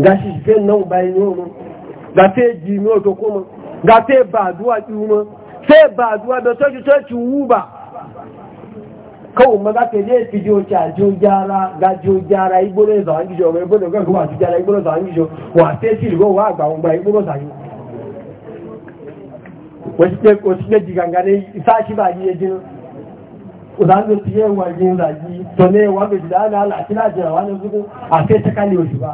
ga shi shi nan bayan yau ma ga ta ji mi kuma ga ta ba duwa ki ma ta ba duwa da ta ji ta ci ma za ta je fi gyara ga gyara gijo ma igbo ga kuma gyara gijo wa ta rigo wa wasu ne ba yi ya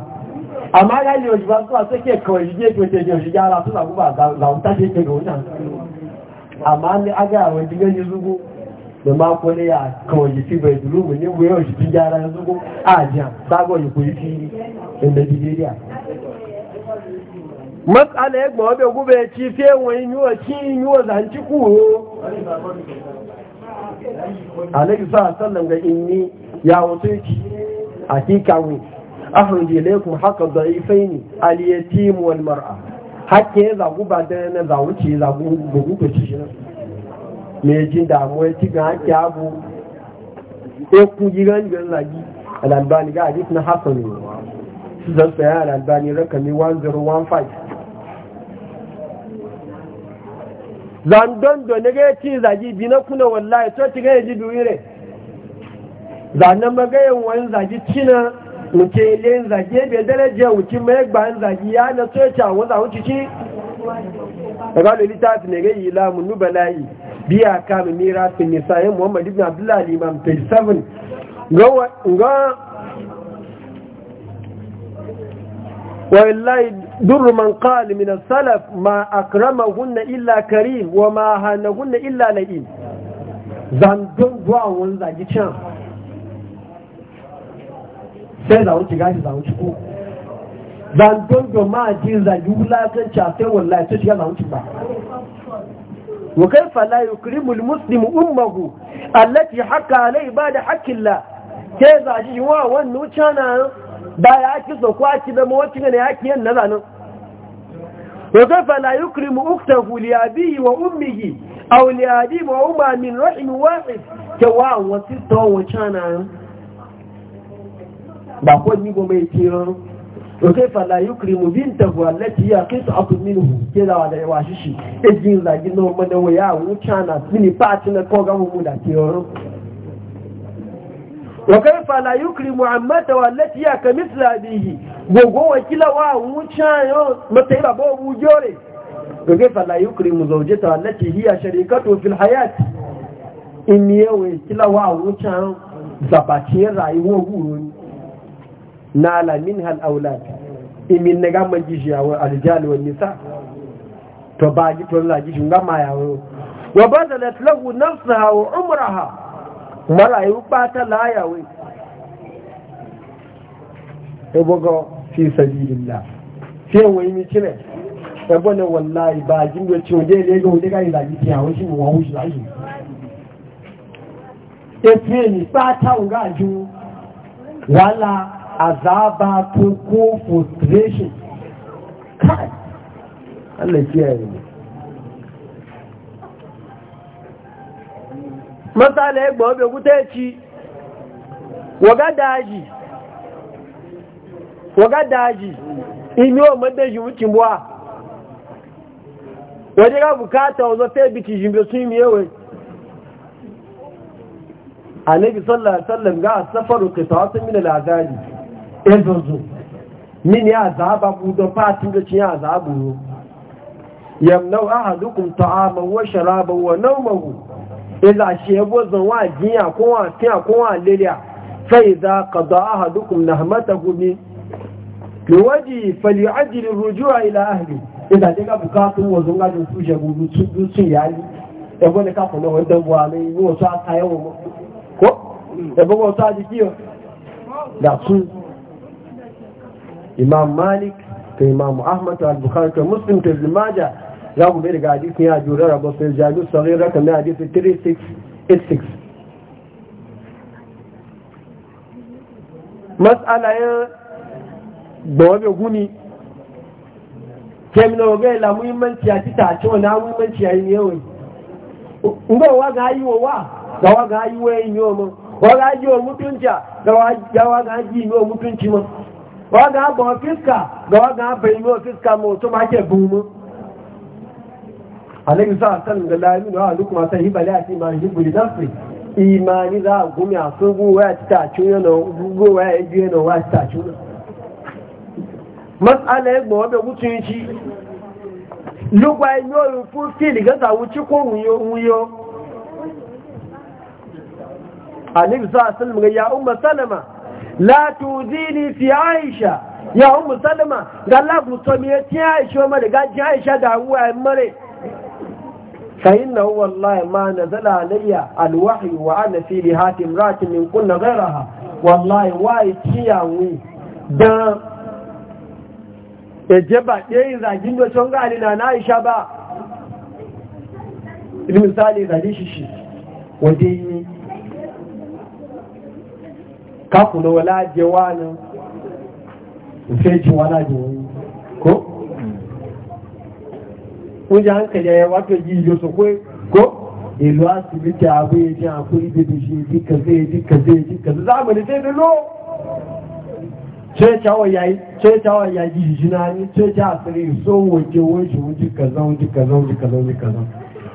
àmá yáyẹ òṣìbá tó àtẹ́kẹ́ ẹ̀kọ́ ìṣìjẹ́ ìpẹ̀tẹ̀ òṣìjá ara tó làgbúgbà làwọn tàbí ìpẹ̀gọ̀ náà àmá ní agá àwọn ní zúgbó lè máa kọ́ ní àkàn òṣìṣíbẹ̀ ìdúlùmù ní wẹ́ òṣìṣíjá ara zúgbó ya gbawa bai gube ci fe wani yiwa ci yiwa zanci kuro alaihi sallam ga inni ya ahrudi laikum haqqa dha'ifain al yatim wal mar'a hakke zagu ba da na zagu ci zagu gugu ko ku jiran gan lagi al albani ga hadith na haqqa ne zan tsaya al albani rakami 1015 zan don don ne ci zagi bi na kuna wallahi to ti ga ji duire zan nan ba ga yan wani zagi nke ile nzagi ebe daraja wuce mai gba nzagi ya na soci a wanda wuce ci daga da littafi ne gai ilamu nubalayi biya kama mira su nisa yin muhammadu ibn abdullahi limam 37 ga wallahi durru man qala min as-salaf ma akramahunna illa karim wa ma hanahunna illa la'in zan don gwa won zagi can sai za wuce gashi za wuce ko dan don don ma ji zagi wulakanci a sai wallahi ta shiga za wuce ba wa kaifa la yukrimu muslimu ummuhu allati hakka alai ibada haqqillah sai za ji wa wannan cana ba ya ki so ko aki da mawaki ne ya ki yan nazanin wa kaifa la yukrimu ukta li abihi wa ummihi aw li adihi wa umma min rahim wahid kawa wa sita wa cana ba ko ni go mai kiran to kai fa la yukrimu bintahu allati ya qit'atu minhu kila wa da washi shi ejin zagi no ma da waya wucha na mini part na ko ga mu da kiran wa kai fa la yukrimu ammata allati ya kamithla bihi gogo wa kila wa wucha yo mata ba bo mu jore to kai fa la wa zawjata ya hiya to fil hayat in yewe kila wa a wucha zabatiyar rayuwar guru ne nala min hal aulad imin na gaman gishi yawo aljali wa nisa to ba ji to la gishi gama yawo wa badalat lahu nafsaha wa umraha marayu bata la yawo e bogo fi sabilillah fi wani mi kine e bono wallahi ba jin do ci onde le go de kai la gishi yawo shi mu wa wushi la yi e fi ni bata unga ju wala azaba ko ko frustration kai Allah kiyaye ne matsala ya gbawo bai kuta ya ci waga daji waga daji imi o mada shi wucin buwa wajen ga bukata wazo ta biki shi bai sun yi yawai a nabi sallallahu alaihi wasallam ga safaru qita'atun min al-azabi ezozo min ya zaba ku da fatin da cin ya zabu yo yamnau ahadukum ta'aman wa sharaban wa nawmahu idza shebo zan wa jiya ko ko rujua ila ahli bukatun wa zunga su ne ni ko da su imam malik ta imam ahmad ta al-bukhari ta muslim ta zimaja za ku bai daga hadisun ya jura rabu sai jami'u sarir raka mai hadisun 3686 matsala ya gbawabe guni kemina oge la muhimmanci a cita ce wani na muhimmanci a yi yawon ngba wa ga yi wa ga wa ga yi wa yi yawon wa ga yi wa mutunci ga wa ga yi wa mutunci ma ọ ga-aba ọfiska na ọ ga-aba ime ọfiska ma otu ma ke bụ mu alaihi sa san ga lami na alu kuma sai hibali a ma imani za a gumi a sun waya ci tacu na waya ya biyu yana waya ci ya gbawa da wucin shi lugba yoyin fún fíìlì gẹ́ta wuci kó wuyo a ya umar salama la tuzini fi aisha ya ummu salama ga la buto mi ti aisha ma daga ji aisha da huwa mare fa inna wallahi ma na nazala alayya alwahy wa ana fili lihat imratin min kunna ghayraha wallahi wa tiyawi da ejeba dai zagin do chonga alina na aisha ba ilmi sali zalishi shi wadi kakuna wala jewa nan feci wala jewa ko? kunji hankali ya wato yi su kwai ko? ilu asibiti abu ya ji akwai ibibi shi dika kaze dika kaze dika kaze zamani sai da lo cecawa yayi cecawa yayi jina ni cecawa asiri so waje wajen wajen kaza wajen kaza wajen kaza wajen kaza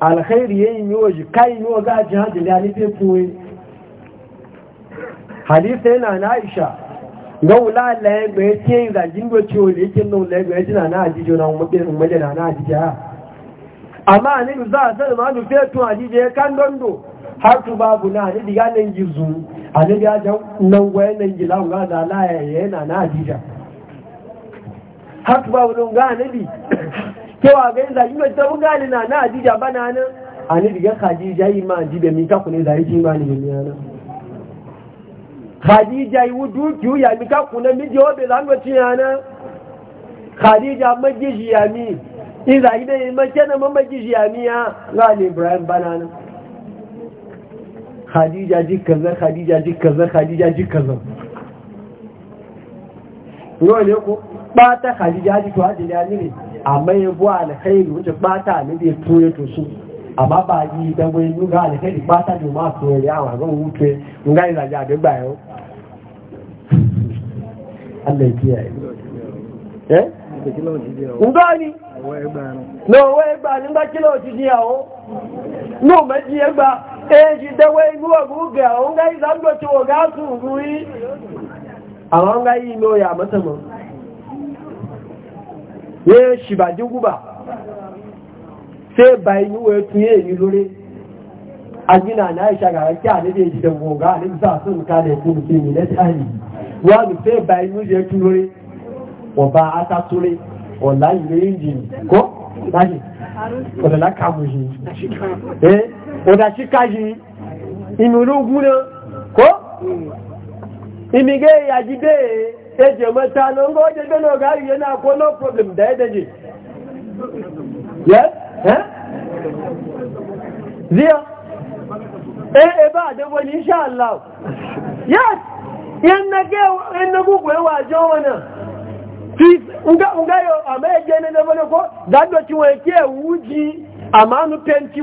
alkhairi yayin yoji kai no ga jihadin da ni fe hadisi yana na Aisha ga wula la ya ga yace ga jingo ciwo da yake nan la ga yace na ajijo na mu be mu da na ajija amma ne za a ma du fe to ajije kan dondo har tu babu na ne diga nan gizu anabi ya jan nan gwayen nan gila ga da la ya yana na ajija har tu babu nan ga anabi cewa ga yin zaki mai tabu gani na na ba na nan a ni diga khadija yi ma ji da mika ku zai ki ma ni ne yana khadija yi wudu ki ya mika ku miji mi je obe zan goci yana khadija ma ji ji ya mi in zaki da ma kana ma ma ji ji ya mi ya ga ni ibrahim na nan khadija ji kaza khadija ji kaza khadija ji kaza Yau ne ku, ɓata Khadija ji to hajji ne amma ya buwa alkhairu wuce bata ne bai tuye to su amma ba yi dan wani nuga alkhairu bata ne ma tuye ya wa zan wuce mun ga ina ja duk bayo Allah kiyaye eh ngani no we gba ni gba kilo ti di awo no me di e gba e eh, ji de we igu ogu ga o ga izan do ti o ga su yi àwọn ga yi lo ya mata mo wọ́n ṣìbà dígúbà ṣe báyìí wọ́n tún yẹ́ èyí lórí ajínà náà kí àníbí ìjìdẹ̀ wọ̀gá àníbísà sún kalẹ̀ fún mi kí wọ́n lù ṣe báyìí yẹ́ tún lórí ọba atátúrí ọ̀lá ìwé kọ́ eje mata nan ga wajen gano gari yana ko no problem da ya daje yes eh ziya eh eh ba da wani insha Allah yes in na ge in na gugu wa jo wana please nga nga yo ameje ne da wani ko gado ci wa ke wuji amanu penti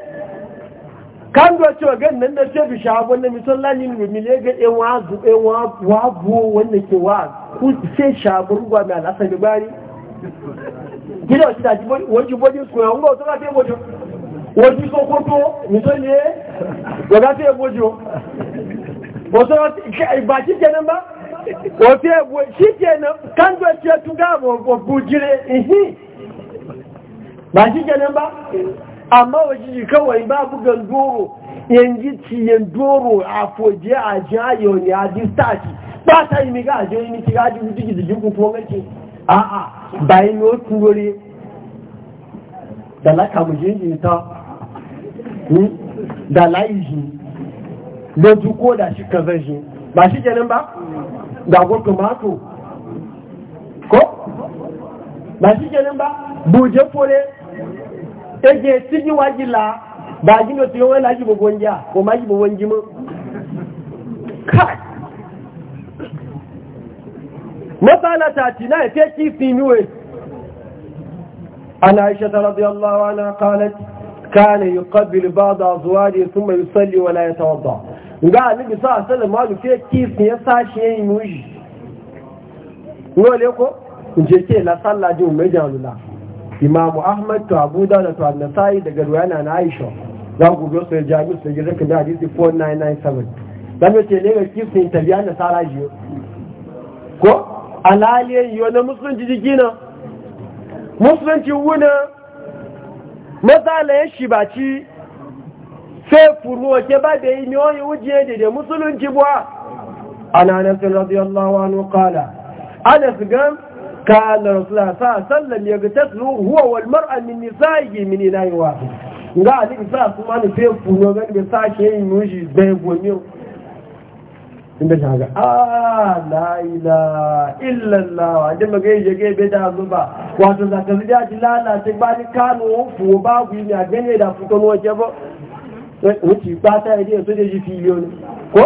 kan do cewa gan nan da ce bisha abun da misallani ne mile ga ɗan wazu ɗan wabu wanda ke wa ku ce shabun gwa mai alasa da bari gida wasu da wajen bodin su yawon gawa tana fiye bojo wajen so koto misali ne wadda fiye bojo wasu ba shi kenan ba wasu ya shi kenan kan do ce tun gaba wabu jire ihi ba shi kenan ba amma waje kawai babu gangoro yanzu ciyen doro a foje a ji, jayo ne a ji, distaci ba ta yi miga a jayi miki gaji hudu gidigin kuku mace a a bayan yau turore da laka mu jinji ta da laihi da duko da shi ka zashi ba shi kenan ba da gwa tomato ko ba shi kenan ba buje fore eje sigi wajila ba ji no tiyo wala ji bogon ja ko ma ji bogon ji mu kai masala ta ti na e ke ki fimi we an aisha radiyallahu anha qalat kana yuqabbilu ba'd azwajihi thumma yusalli wa la yatawadda ga ni bi sa sallama lu ke ki fi ya sashi e yi. muji ngole ko nje ke la sallaji umma jalula imamu ahmad to abu da da to annasai daga ruwana na aisha za ku biyo su jami'u su gida kan hadisi 4997 dan yace ne ga kifin ta na saraji ko alali yo na musulunci jikina musulunci wuna matsala ya shi baci sai furuwa ke ba da yi ne wani wuce da musulunci buwa ana nasin radiyallahu anhu qala anas gam قال رسول الله صلى الله عليه وسلم يغتسل هو والمرأة من نسائه من إله واحد قال لي صلى الله عليه وسلم فنو غني بساكي يوجي بين بوميو inda shi haka a la'ila illallah wajen magai jage bai da zuba wato zakari da ji lalace ba ni kano wofu ba yi a ganye da fukan wace ba wuce ba ta yi da su da ji filiyon ko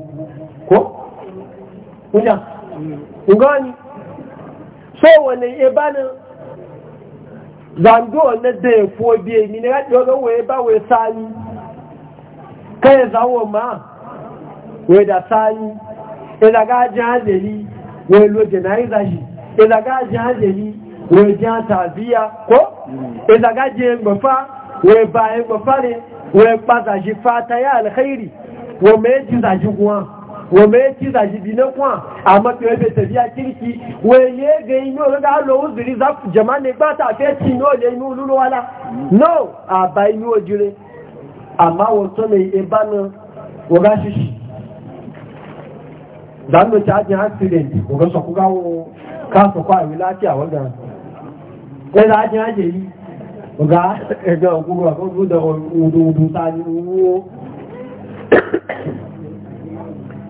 ko? Nja, ngani, so wane ebanin zango wane da e e e ya fuwa biye, mini ya wa waye ba wa waye sani, kai zawo ma waye da sani, ilaga ajin hajjeli waye lo jenaiza shi, ilaga ajin wa waye jiyan tabiya. ko? Ilaga jiyan gbafa waye bayan gbafa ne waye ɓazashi fata ya alkhairi, wa mai ji zaji kuwa. wame ci za shi bi na kuwa a matsayin bai tafiya kirki waye ga yi yau ga alo uzuri za ku jama ne ba ta fe ci no le yi ulu wala no a ba yi yiwo jire amma wato ne e ba na waga shi shi za mu ci ajin accident waga so ku gawo ka so kwa yi lafiya waga ɗaya za ajin ajin yi waga ga gudu a kan gudu da wudu ta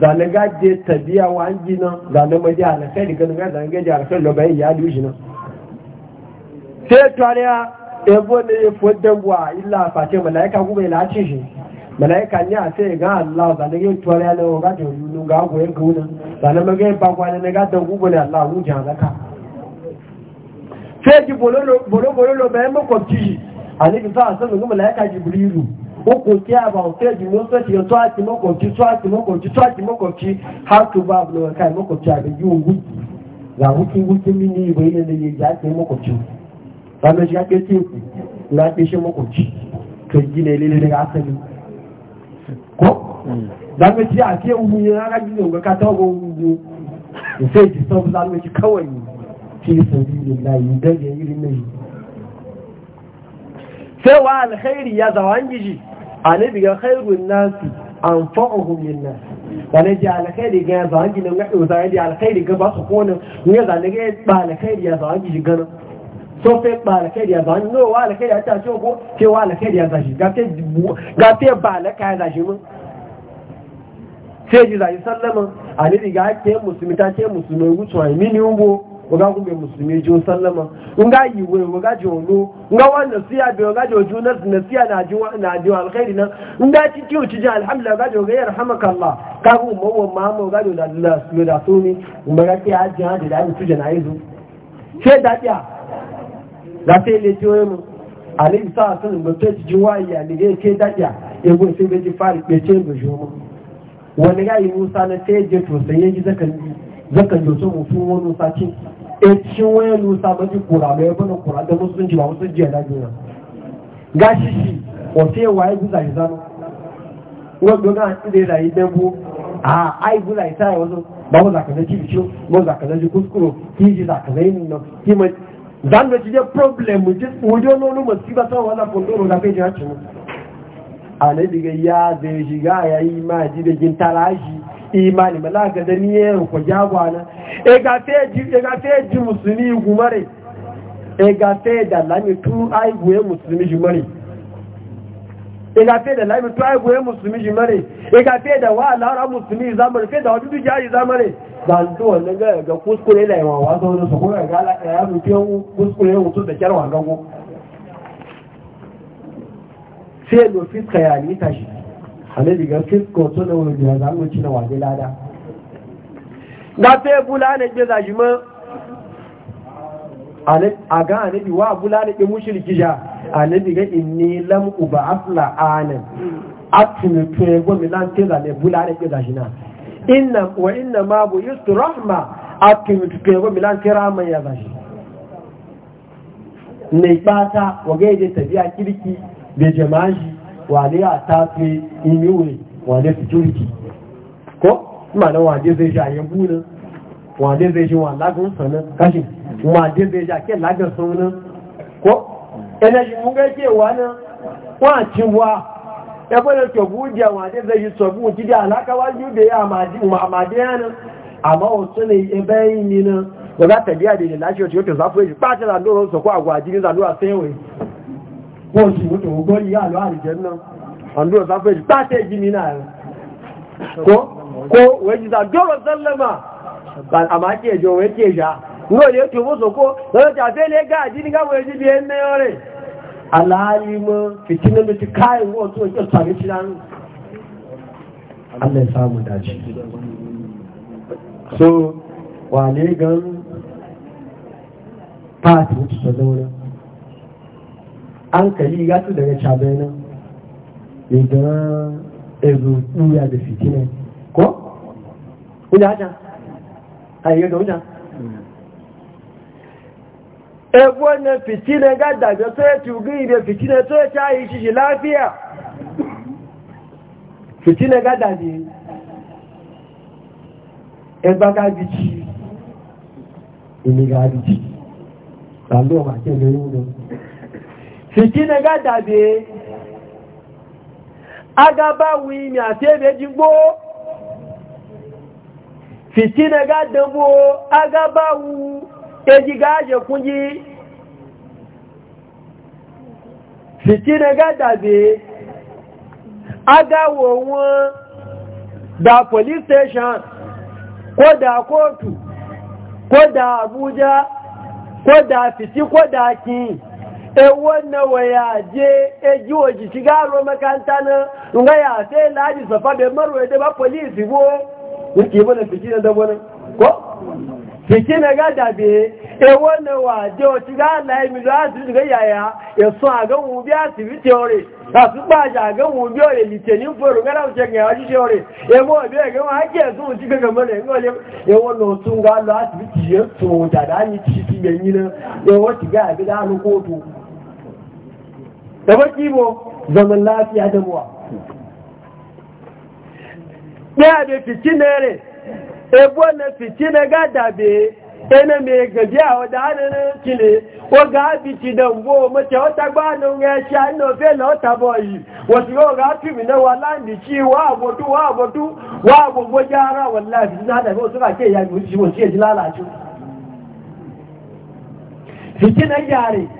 zane gaje tabiya wa an gina zane maji halakar da ganin gaza an gaji halakar da bayan ya dushi nan sai tuwari ya ebo ne ya fodon wa illa face mala'ika kuma ya lace shi mala'ika ne a sai ga allah zane yin tuwari ya nawa gajin yunu ga goyon gauna zane maga yin bakwa ne na gadon gugu ne allah hujjan halaka sai ji bololo bayan makwabci shi a nufin sa a sanin mala'ika jibrilu uku ke a bauteji lokaci ya tsohaki makwabci tsohaki makwabci tsohaki makwabci har to ba abu da kai makwabci a ga yiwu wuki ga wuki wuki mini ne da yaji ake makwabci ranar shi ake teku na ke shi makwabci to gina lele daga asali ko ranar shi a ke wuyi na ga gina ga ka tawo wuyi sai ji kawai sai wa alkhairi ya zawan gishi a ne biga khairun nasu an fa'ahun yin nasu zane ji alkhairi ga ya zawan gini ga ɗau zane ji alkhairi ga ba su kone ne zane ga ba alkhairi ya zawan gishi gana so fe ba alkhairi ya zawan no wa alkhairi ya ta ce ko ke wa alkhairi ya zashi ga te ba alkhairi ya zashi mun sai ji zai sallama a ne biga ke musulmi ta ce musulmi wucewa mini ugbo waga kuma musulmi jo sallama nga yi wa waga jolo nga wanda siya be waga jojo na siya na ji na alkhairi na nga ci ci ci jan alhamdulillah waga joga ga rahmaka allah ka ku mu wa ma mu waga jola allah su da su ni waga ki a ji hadi da ni su jana yizu daɗiya? da ya da sai le jo mu ali sa sun ba ta ji wayi ya ni ke da ya ya go sai be ji fari be ce be jo mu wani ga yi musa na sai je to sai ya ji zakan zakan jo so mu fu wani e wani lusa maji kura kura da musulunci ba musulunci yana gina gashi shi wafe waye guza shi zano wanda na tsire da yi a ba zaka zaka na da zai shiga yayi ma ji da imani mala ga da niye ko jagwa e ga te e ga musulmi gumare e ga da lami tu ai buye musulmi jumare e ga da lami tu ai buye musulmi jumare e ga e wa lara musulmi zamare te da wadudu jayi zamare dan to wannan ga ga kuskure la yawa wa zo su ko ga la ya mutu kuskure mutu da kyarwa gango sai lo fiska ya ni tashi hannun ga fisko suna wani da za mu ci na waje lada ga fe bula ne ke zaji ma a ga annabi wa bula ne ke mushriki ja annabi ga inni lam uba asla anan atunu ke go mi lan ke zale bula ne ke zaji na inna wa inna ma bu yustu rahma atunu ke go mi lan ke rahma ya zaji ne ba ta wage da tafiya kirki da jama'i wale a tafi imiwe wale security ko ma na wade zai sha yin bunin wade zai shi wa lagun sanin kashin wade zai sha ke lagun sanin ko ina shi mun gaike wani kwacin wa ebe da ke bujiya wade zai shi sabu jide alaka wajen da amadi na da yi ko agwaji ne zandurar bó ṣe mú tòun gọ́ ìyá àlọ́ àrìjẹ́ náà ọ̀nà ọ̀sá fẹ́ jù tàtẹ́ ìjì ní náà kó kó wẹ́jìsà dọ́rọ̀ sẹ́lẹ̀mà àmákí ẹjọ́ wẹ́kí ẹjá ní òye tó mú sókó lọ́jọ́ ní ti káà ìwọ̀n ta an kali ya su daga cabena idan ezo tsuya da fitina ko? wuce haka a yi ga wuce ebe wannan fitina ga daga sai tugi da fitina sai ta yi shi lafiya fitina ga daga ẹgbá gáàbì jí ìmìgà àdìjì tàbí ọmọ àti ẹgbẹ̀rún lọ fìtínà gádàbé agabáwí ni àti ẹ̀bẹ̀ jígbó fìtínà gádàbó agabáwú ejiga ajẹ̀kúnjí fìtínà gádàbé agáwò wọn da police station ko da kóòtù ko da abuja ko da fìtí ko da kíyìn ewon na waya je eji oji shiga aro makanta na nga sai laji safa da marwa e da ba polisi bo wuce mana fiki na da ko fiki ga dabe ewon na o shiga lai e mi za su shiga yaya ya e so a ga mu biya su bi su ba biyo e mo bi ji ga ga da da be ni na e da baki bo zaman lafiya da muwa ɗaya e da fiki e na yare ebo na fiki na gada be ene mai gajiya wadda hannun kile ko ga abiti da mbo mace wata gbanin ya sha ina ofe na wata boyi wasu yau ga fimi na wa landiki wa abotu wa abotu wa agogo gyara wallafi suna da wasu ba ke ya yi wuce ji lalace fiki na gyare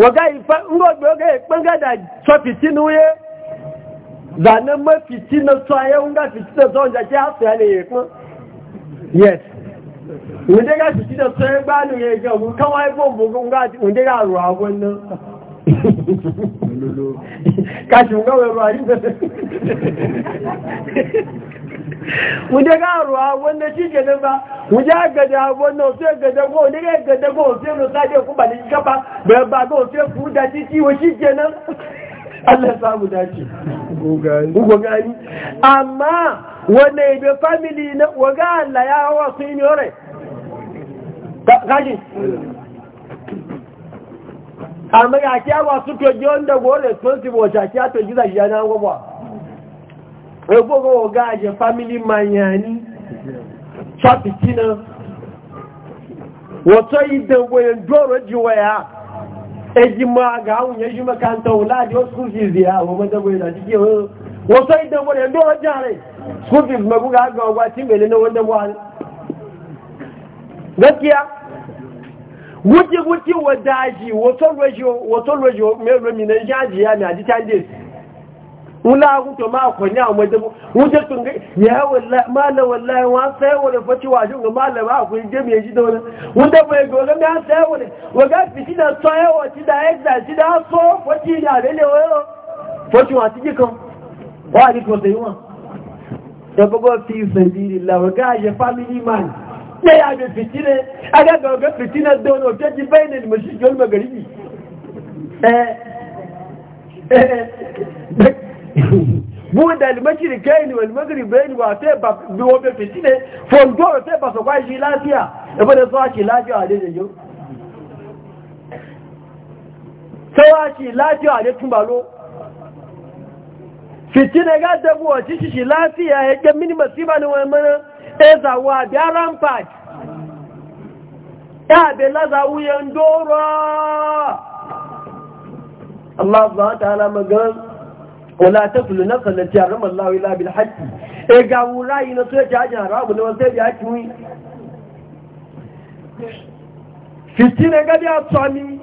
waga ifa ngogbe oge ikpanga da so fitinu ye zane ma fitina so aye fitina so nja ke aso ya ne ye kun yes fitina so ye gba nu wuje garuwa wanda shi ke nan ba wuje gada wanda ofe gada ko ne ga gada ko ofe no sade ku ba ni gaba da ba ga ofe ku da ti ti wa shi ke nan Allah mu dace gugu gani amma wanda ibe family na waga Allah ya hawa su ne ore kaji amma ya kiyawa su to ji wanda go responsible wa shakiya to gizashi ya na gwagwa ẹgbọ́gbọ́ ọ̀gá àjẹ́ fámílì mayà ní ṣàpìtì náà wọ́tọ́ ìdẹ̀wò ẹ̀dọ́rọ̀ jíwẹ̀ yá ẹjì máa àwọn yẹn ṣí mẹ́kàntọ̀ ó skúl fees yá àwọn mẹ́tẹ́gbẹ̀ ìdájí kí wọ́tọ́ ìdẹ̀wò ẹ̀dọ́rọ̀ járe wula kuto ma a kwanya a majabu je tun ga ya mala wallahi wa sai wani faci wa shi mala ba a kun je me shi da wani wuta bai goga ya sai wani waga fiti da tsaye wa ci da ya da ci da so faci da da ne wayo faci wa ci jikan wa a jikin sai wa ya bugo fi sabiri la waga ya family man ne ya bi fitine aga ga ga fitina dono ta ji bainal mushkil magaribi eh eh, eh. buɗe almashiri kaini wal magrib bayni wa ta ba biwo be fitine fondo ta ba so kwashi lafiya da bada da so shi lafiya a dai yo sawa shi lafiya a dai tumbalo fitine ga da buwa shi shi lafiya ya ga mini masiba ne wani mana e zawa da rampart ya be la zawu yan dora Allah subhanahu wa ta'ala magana wala ta tulu na sannan ta rama Allah ila bil haqqi e ga wurayi na soja ajin rabu na wasai da haƙi wi fitina gadi a tsami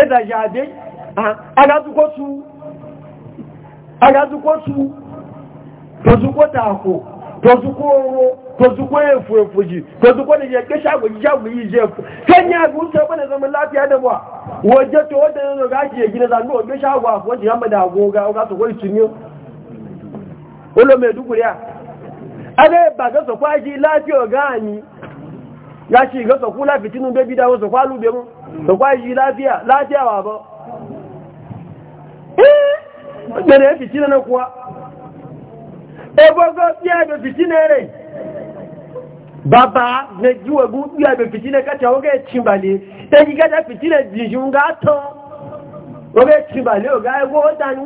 e da jade aga zuko su aga zuko su to zuko tako to zuko oro to zuko efu fu ji to zuko da je ke shago ji shago yi je kenya gusa bane zaman lafiya da ba waje to wata yanzu ga ake gina zanen wajen shago a wajen yamma da agoga ga su kwai sunyo ulo mai dukuriya ana yi ba gasa kwashi lafiya gani ya shi gasa kula bebi da wasu kwalu ba na kuwa ga baba lẹ́jú ẹ̀gún bí ẹ̀bẹ̀ fìtílẹ̀ kẹta ọgẹ́ ìtìmbàlẹ̀ tẹ́jì kẹta fìtílẹ̀ jìjìn ga tán ọgẹ́ ìtìmbàlẹ̀ ọgá ẹgbọ́ ọdánú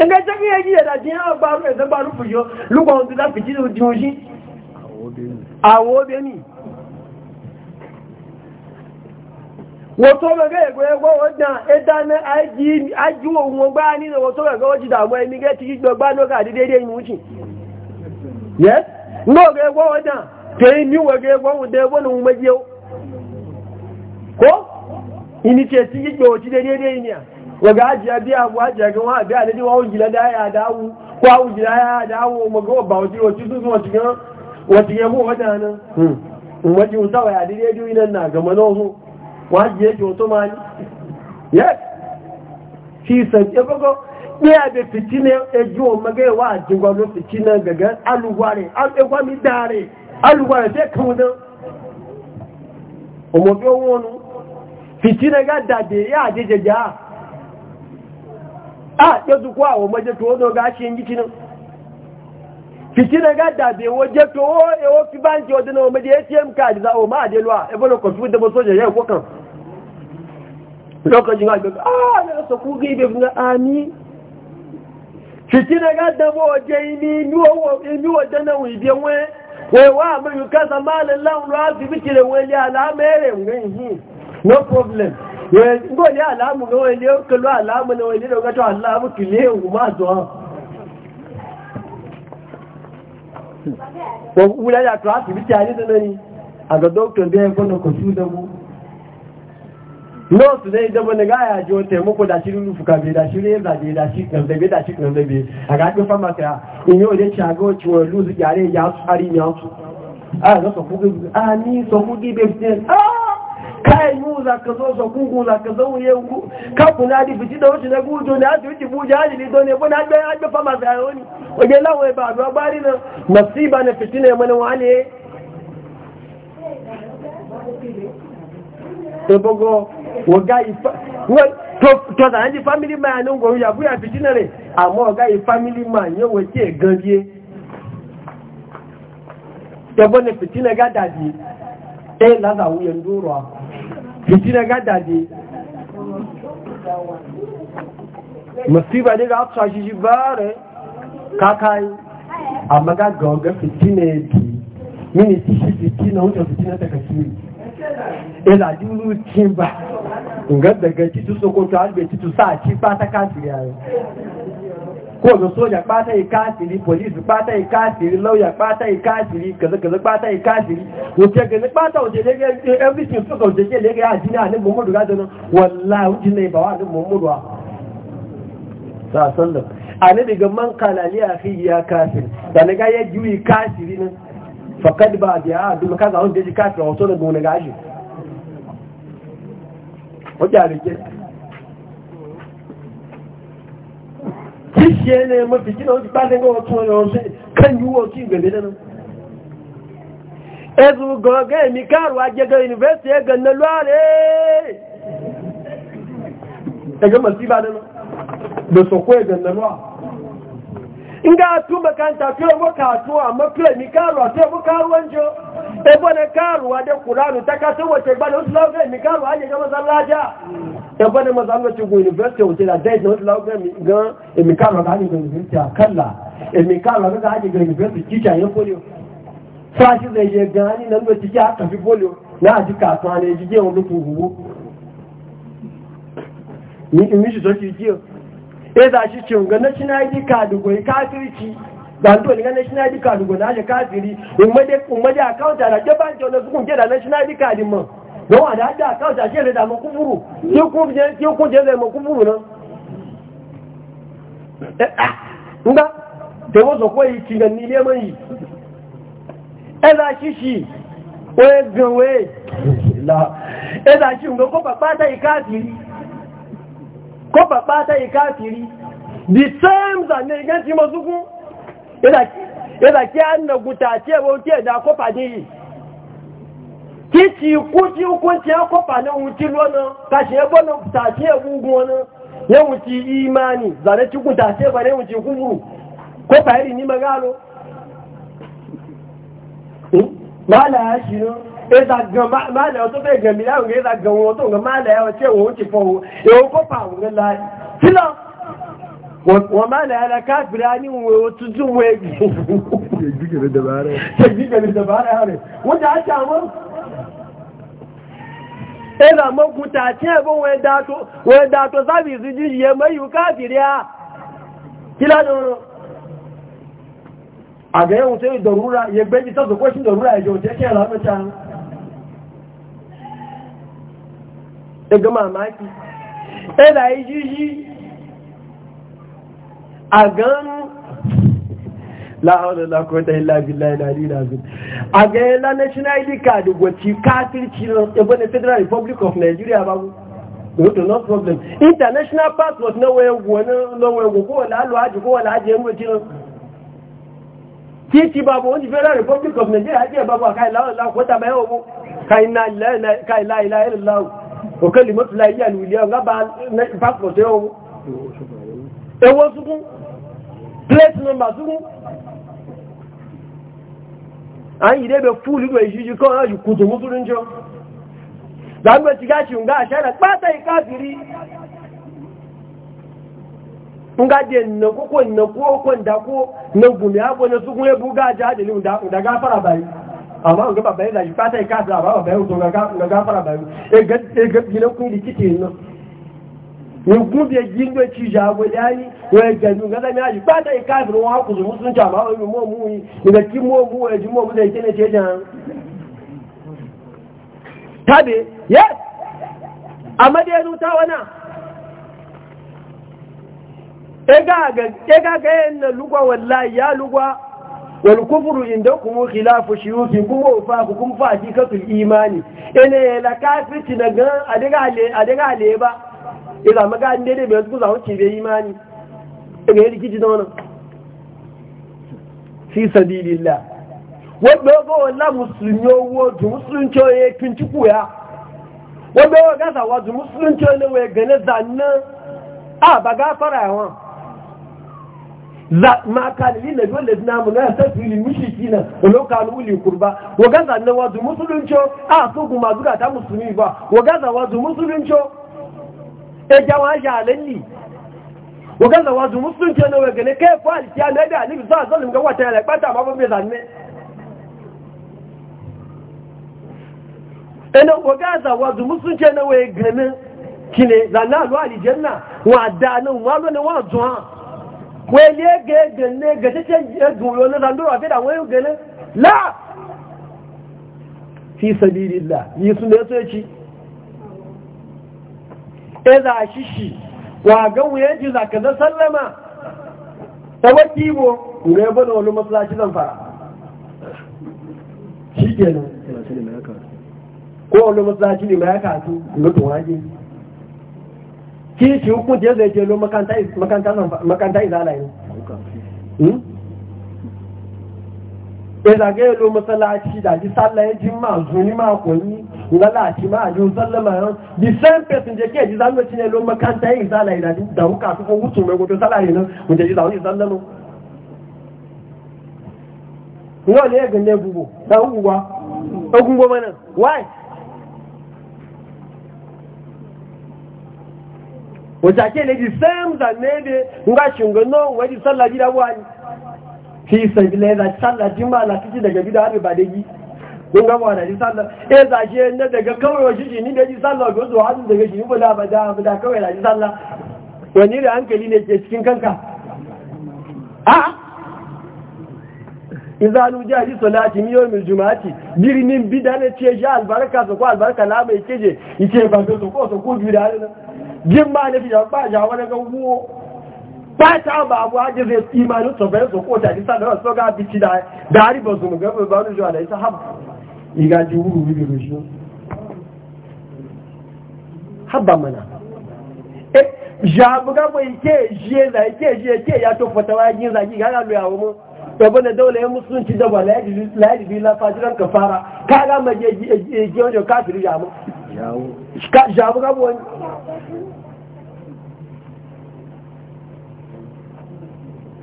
ẹgbẹ́ tẹ́ kí ẹjí ẹ̀dà jẹ́ ọgbàrú ẹ̀sẹ̀gbàrú fòyọ lúgbà ọdún dá fìtílẹ̀ ojú ojú àwọ̀ obẹ́ni wọ́n tó rẹ̀gẹ́ ẹ̀gbẹ́ ẹgbọ́ ọdán ẹdáná ajú ohun ọgbá nínú wọ́n tó rẹ̀gẹ́ ọjí dàmọ́ ẹni gẹ́ ti gbọ́gbá lókà dídé dé yes? ní ọ̀rẹ́ ẹgbọ́ ọdán ta yi miwa ga de gwanwu da ya gwanin umajiyau ko ini ci yi gbawaci da daidai ne waga biya abu wa wa da hmm. ya ko a ujila ya ba ya wata na ji ma ni yes shi san ya fago ní ẹ̀bẹ̀ fìtí ní ẹjú ọmọgẹ́ wà jígbọ́n ló fìtí náà gẹ̀gẹ́ alùgbà rẹ̀ tẹ́ náà ọmọdé owó ọnù fìtínẹ̀gá dàdé yá àjẹjẹjá à yóò àwọn ọmọdé tó ó náà ṣe ń jí tínú fìtínẹ̀gá dàdé wó jẹ́ tó ó ewó fi báńkì ọdún náà ọmọdé atm card za ọmọ àdélúwà ẹgbọ́nà kọ̀fún dẹmọ sójà kan wewa mai yukasa malin launin asibiti da wani alamere wani hmm. no problem ngoli alamu ga wani kalu alamu na wani da gato alamu kile ma zuwa hmm. wula ya to asibiti a nisa nani a ga na da ya kwanu ku su nọ́ọ̀sì lẹ́yìn jẹ́ mọ́ni gáyà a tẹ̀mọ́kọ̀ dàṣírí lùfùkà bèè dàṣírí ẹ̀zàdè dàṣírí kẹ̀ǹdẹ̀gbẹ̀ dàṣírí kẹ̀ǹdẹ̀gbẹ̀ àgbàgbé fámàkì à ìyẹn òde tí àgọ́ tí wọ́n lù yàrá ìyá A ni àtú àní sọkúgí bèbè kayan yi za ka zo sọkúgún za ka zọ́wọ́ yẹ wú kápùn náà di fìtí da oṣù lẹ́gbù jò ní àti oṣù fújì ájì ní dọ́nà ẹ̀bọ́n àgbẹ́ àgbẹ́ fámàkì àyọ́ ni òye láwọn ẹ̀bà àdúrà gbárí na masiba na fìtí na mana wà ní ọ̀gá ìfà tọ́ta ẹni family man ní ọgbọ̀n ìyàbú àfìjínà rẹ̀ àmọ́ ọ̀gá ì family man yóò wọ́n tí ẹ̀gan bí i ẹgbọ́n ni fìtínà gádàdì ẹ lázàwú yẹn dúró à fìtínà gádàdì mọ̀síbà ní ká tọ́ àṣíṣí bá rẹ̀ kákáyí àmọ́gá gọ̀ọ̀gẹ́ fìtínà ẹ̀dì mí ìlàjú ló ti ń bà ǹgán gbẹ̀gẹ̀ títú sokoto àgbẹ̀ títú sáà tí pátá káàkiri ààrẹ kó ọ̀nà sójà pátá ìkáàkiri pòlísì pátá ìkáàkiri lọ́ọ̀yà pátá ìkáàkiri kẹ̀lẹ́kẹ̀lẹ́ pátá ìkáàkiri òkèkèlé pátá òjèléré everything tó kọ̀ òjèléré àdínà àní mọ́mọ́dù gádọ́nà wọ́n láà ó jìnà ìbàwà àní mọ́mọ́dù à sàásánlọ̀ àní dìgbà mọ́ǹkà nàlẹ́ àfihì ya káàkiri tàníká yẹ ju ìkáàkiri náà fakad ba a, ya duk ka zaun da ji kafin wato da gona gashi Wajen rike kishe ne mafi kina wata bayan ga wato ne wasu kan yi wasu game da nan ezu goge mi karuwa je ga university ya ganna lware daga ba da nan da sokwe ganna lware nga tu makanta tu yabo katuwa mafila ni karuwa tu yabo karuwan jo ebo na karuwa da kuranu ta kasu wace ba no wasu lauga ni karuwa hanyar ga mazan laja ebo na mazan wace go university wace da dai da wasu lauga ga emi karuwa ga hanyar ga university a kalla emi karuwa ga hanyar ga university kicha ya polio sashi zai je ga hanyar nan wace ki haka fi polio na ji kasuwa ne ji je wani kugugu ni in mishi zoci jiyo e za shi ce ga national id card goyi kafirci zanto ni ga national id card goyi na je kafiri umade umade account da ke ban jona su kun da national id card mun don wa da da account da ke da mu kuburu ki ku je ki ku je da mu kuburu nan eh, ah, nga da wazo ko yi kinga ni le mai e za shi shi o e gwe la e za shi ngo ko papa ta ikafiri kó bàbá tẹ́yì káàkiri the terms and the against him ọdúnkún ìdà kí a nàgùtà àti ẹ̀wọ̀n tí ẹ̀dà kópa ní yìí kí ti ikú tí ikú tí a kópa ní ohun tí lọ́nà kàṣẹ ẹgbọ́n nàgùtà àti ẹ̀wọ̀n imani zàrẹ́ tí kúta àti ẹ̀bà yẹ́wùn ti kúrù kópa ẹ̀rì ní magalo hmm? Bala ya shi eza gan máa lẹ́wọ́ tó gan káàkiri á ní wọn tuntun wọn ègbì ṣègbìgẹ̀rẹ̀ dàbárẹ̀ rẹ̀ wọ́n jà á jà wọ́n eza tààtí ẹ̀bọ́ wọn dàtọ̀ sábìsì jíjì ẹ̀ mẹ́yù káàkiri á kí lọ́dún àgẹ́yẹ̀wò daga mamaki ɗaya yi jiji a gan la'aunar lakwata yi labillahi na rina zuwa a ga yin la national league card wacce kafirci na ebe na federal republic of nigeria ba ku wato no problem international passport na wayan wani lawayan ko wala alwaji ko wala ajiyar wacce na titi babu wani federal republic of nigeria ajiyar babu a kai la'aunar lakwata bayan obo kai la'ila'ila'ila'u òkèlì mọ́tò láyé àlù ilé ọ̀gá bá pásítọ̀tì ọ̀hún ewó súnkún plate number súnkún a ń yìí fúlù ìlú ìṣíjú kọ́ náà yìí kùtù mú súnú jọ gbàgbé ti gáṣì ń gá àṣẹ́rẹ̀ pátá ìkáàkiri ń gá ìnàkókò ìnàkókò ìdàkó ìnàgùnmí àbọ̀ ní súnkún ebú gáàjá àdèlú ìdàgá amma ga babba ya zagi fata ya kasa ba babba ya wuto ga gafara ba ya ga gina kuni likita yin nan in kun biya gindo ci jago dani wai gani ga zama ya fata ya kasa ruwa ku zuwa sun ta ba wai mu mu yi da ki mu mu ya ji mu mu da yake ne ce dan tabe yes amma da ya zuta wana ega ga ega ga yan lugwa wallahi ya lugwa والكفر عندكم خلاف شيوخكم ووفاقكم فاتيكة الإيمان إنه لكافر تنقى أدقى عليه با إذا ما قال ندي بيزقوا زهو تشبه إيماني إنه يلي كي جدونا في سبيل الله وبيوغو والله مسلم يوود مسلم شوية كنتكو يا وبيوغو غزا واد مسلم شوية ويغنزان آه بغافر يا وان za ma kalili na dole na mu na ta fili mishiki na wala kanu uli kurba waga za na wazu musulunco a so kuma zuga ta musulmi ba waga za wazu musulunco e jawa jalalli waga za wazu musulunco na waga ne kai fa alkiya na da alibi za zalim ga wata ya kwata ma ba bai zanne ene waga za e wazu musulunco na waga e ne kine zanna alwa aljanna wa da nan wa lo ne wa zuwa wele ga gane ga cikin goyo na zanduru a fida wani gane la fi sabilillah yi su ne so ci e za a shishi wa ga wuyan ji za ka za sallama ta waki bo Nga ya bada wani matsalaci zan fara shi ke kenan ko wani matsalaci ne ma ya kasu ga tuwaje ki ci hukunci zai je lo makanta izala yi ìdàgé ìlú mọ́sálásí dàjí sálẹ̀ jí máa zùn ní máa kò ní ìlàlá àti máa jí sálẹ̀ máa rán same person jẹ́ kí ẹ̀jí sálẹ̀ tí ẹlú mọ́kántẹ́ ìsálẹ̀ ìdàjí dàwúkà tó fún wùtù mẹ́gbogbo sálẹ̀ náà mùjẹ̀jí sálẹ̀ sálẹ̀ náà wọ́n wacce ne ji sam da e ne nga shingo no wani sallah gida wani fi sai bile da sallah jima la kici daga gida har ba dai kun ga wani ji sallah eh za shi ne daga kawai wa shi ni da ji sallah go zuwa hadu daga shi ba da ba da ba kawai da sallah wani da hankali ne ke cikin kanka a idza nuja li salati mi yawmil jumu'ati birnin bidane ce ja albarka so ko albarka la mai keje yace ba so ko so ko bi da halin jin ba fi fiye ba jawo na ganguwo ba ta ba abu haji zai imanin tsofayin su kota isa da wasu ga bici da dari ba su mugabe ba wani zuwa da isa habu igaji wuru wuri da shi habba mana eh jabu ga bai ke jiye za ke jiye ke ya to fata wa yin zaki ga ga luya mu to da dole ya musulunci da ba laidi laidi la fajiran kafara ka ga maje jiye jiye kafiri jabu jabu ga bai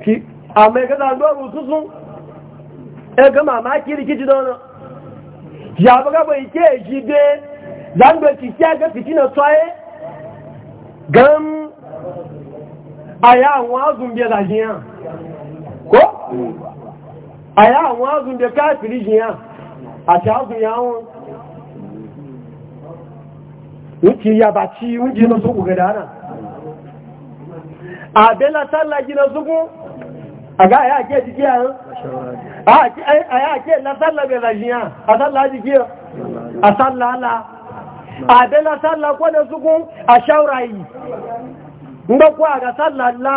ki amma ya gaza ndo rutu sun ya ga mamaki rikici da wani ya buga bai ke ji de zan da ki ya ga fitina tsaye gan a ya àwọn azun biya da jiya ko a ya àwọn azun biya kafiri jiya a ti azun ya wọn wuce ya baci wuce na suku ga dana a bela talla gina suku àgá àyà àjẹ́ ti a àrùn àyà àjẹ́ lásánlá bẹ̀rẹ̀ ṣìyàn àsánlá ti jẹ́ àsánlá alá àbẹ́ lásánlá kọ́nà súnkún àṣáwra yìí ndọ́kọ́ àgá sánlá lá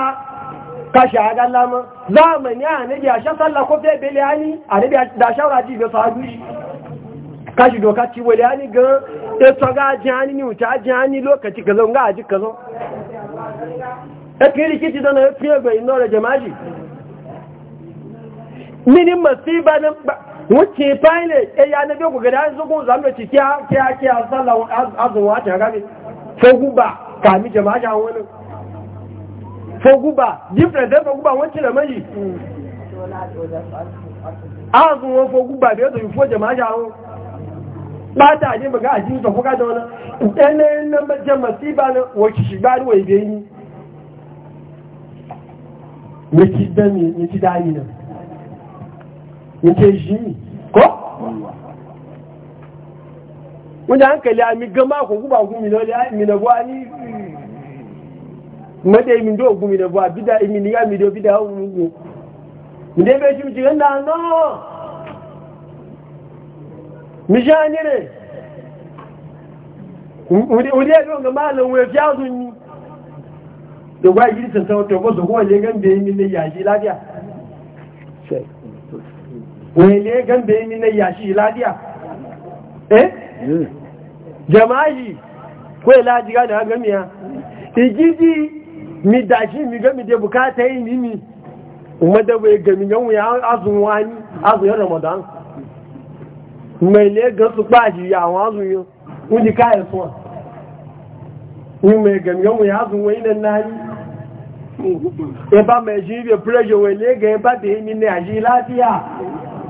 kàṣà àgá lámọ́ láàmì àníbi àṣásánlá kó fẹ́ bẹ̀lẹ̀ áni àníbi àṣáwra jí ìgbẹ̀fà kashi doka ci wale ani e ga eto ga kazo nga kazo e kiri e fiye mini masiba nan wuce faile e eh, ya na be ku gada yanzu kun zama ci kiya kiya kiya sallah azuwa ta gabe ko guba mi jama'a ga wani ko guba different da guba wancin da mai azuwa ko guba da yanzu ko jama'a ga wani bata ne maga a jini ta kuka da wani ɗanayin na majan masiba na wace shiga ruwa ibe yi ne dami ci dami nan yake shi ko wanda hankali a mi gama ko guba gumi na ya mi na gwa ni mada mi do gumi na gwa bida mi ni ga mi do bida hu mu mi de be shi mi jigan da no mi ja ni re udi udi do ga malan we fiya sun ni do gwa yi san tawo to ko so ko le gan be mi ne ya ji lafiya wele gambe yi na yashi ladiya eh hmm. jama'i ko ilaji ga da gamiya igidi mi dashi mi gami da bukata yi ni ni umma da bai gami yan wuya azun wani azun ramadan mai le ga su kwaji ya wa azun yo uji kai so ni mai gami yan wuya azun wani nan nani eba mai jibe pressure wele ga eba da yi ni ne aji lafiya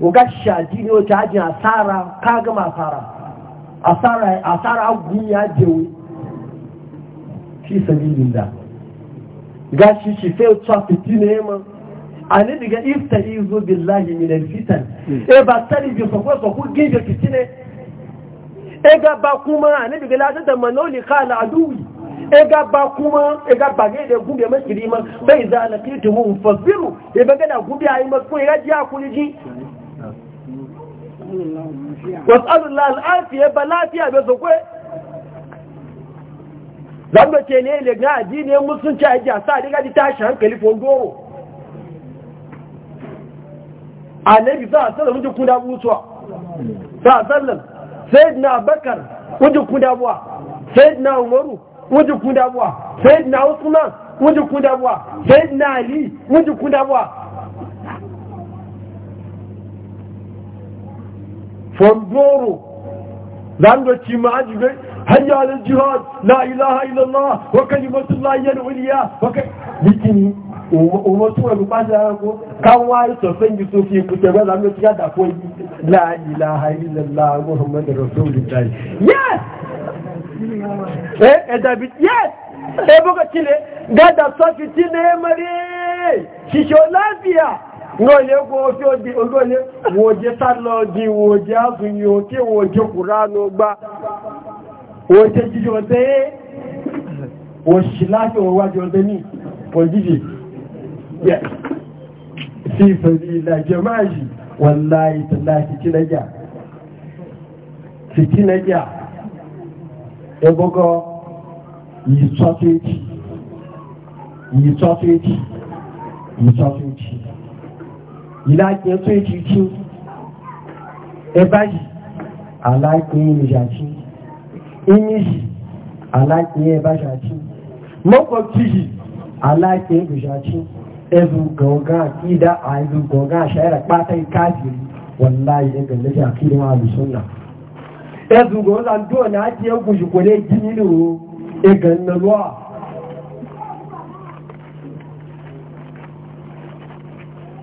Gashi a ne wata a asara ka gama asara asara a agun ya jewe fi sami linda Gashi shi shi sai fiti ne ma ani ifta izo, billahi min fitan hmm. e ba tsari bi so ko so fiti ne e ga ba kuma ani daga lati da manoli khala e ega ba kuma ega bage da gube masu rima bai za a lafi tuhu fasiru e bagada gube a yi masu ya e ji a ji. wasalullah al'afiya ba lafiya bai sokwe zamba ce ne ile ga addini musulunci a jiya sa daga ji tashi hankali fondoro a nabi sa sallar wajen kuda busuwa sa sallar sai na bakar wajen kuda buwa sai na umaru wajen kuda buwa sai na usman wajen kuda buwa sai na ali wajen kuda buwa fondoro zan da ci ma ajibe hayya lil jihad la ilaha illa allah wa kalimatu yal uliya wa bikini umma tuwa bi pasa ko kan wa to san ji so fi kuta ba zan da da ko la ilaha illa allah muhammadur rasulullah yes eh eh david yes eh boga chile Da so fi chile mari shisho lafiya lóòlé gbọ́ tí ó di olóòlé wòjé sálọ di wòjé áfìyàn tí wòjé kùránù gbá wòjé jíjọ tẹ́ òṣìláṣẹ́ òwájọ tẹ́ ní pọ̀jíjì sí ìfẹ̀lẹ̀ ìlàjẹ̀ máa yìí wọ́n láì tẹ̀lá fìtínẹ́jà fìtínẹ́jà ìlàjì ẹ̀tọ́ èjì tí ẹbá yìí aláìpé ìrìnàjí ìmìyì aláìpé ẹbáṣàjí mọ́kọ̀ tí yìí aláìpé ìrìnàjí ẹbù gọ̀ọ̀gá àkídá àìlú gọ̀ọ̀gá àṣàyẹ̀rẹ̀ pátá ìkáàkiri wọ́n láì ẹgbẹ̀lẹ́jẹ̀ àkídá àrùsọ́nà ẹbù gọ̀ọ̀gá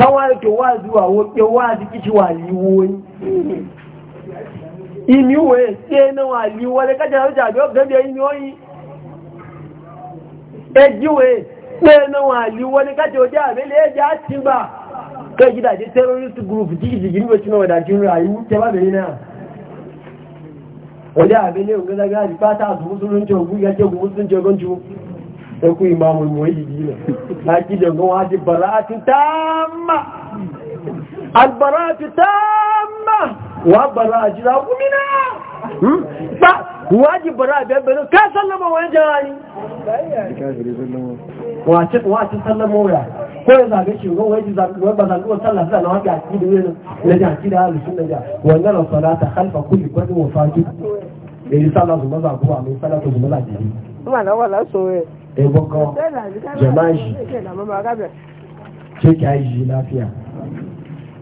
kawai ke wa zuwa woke wa jiki ci imi we se na wa liwo le jabi o gabe imi ejiwe se na wa liwo le jabi le ba ke ji terrorist group jiki jiki ni we ti na wa te ba na o ja be le o gaza gaza bi ogun ya je ogun musulunci ogun ju sai ku imamul muwayyidi ne na ki jangon waji bara'ati tamma albara'ati tamma wa bara'a jira kumina hmm? ba waji bara'a biyar biyar ka sallama wani jihari wace wace sallama wuya ko ya zaga shugaban waje zaga ba zaga wa sallah sallah na wani aki da yin na jaki da halin sun da wannan salata halfa kulli kwadin wa fatu da yi sallah su maza kuma mai taimakon jama'i cika yi lafiya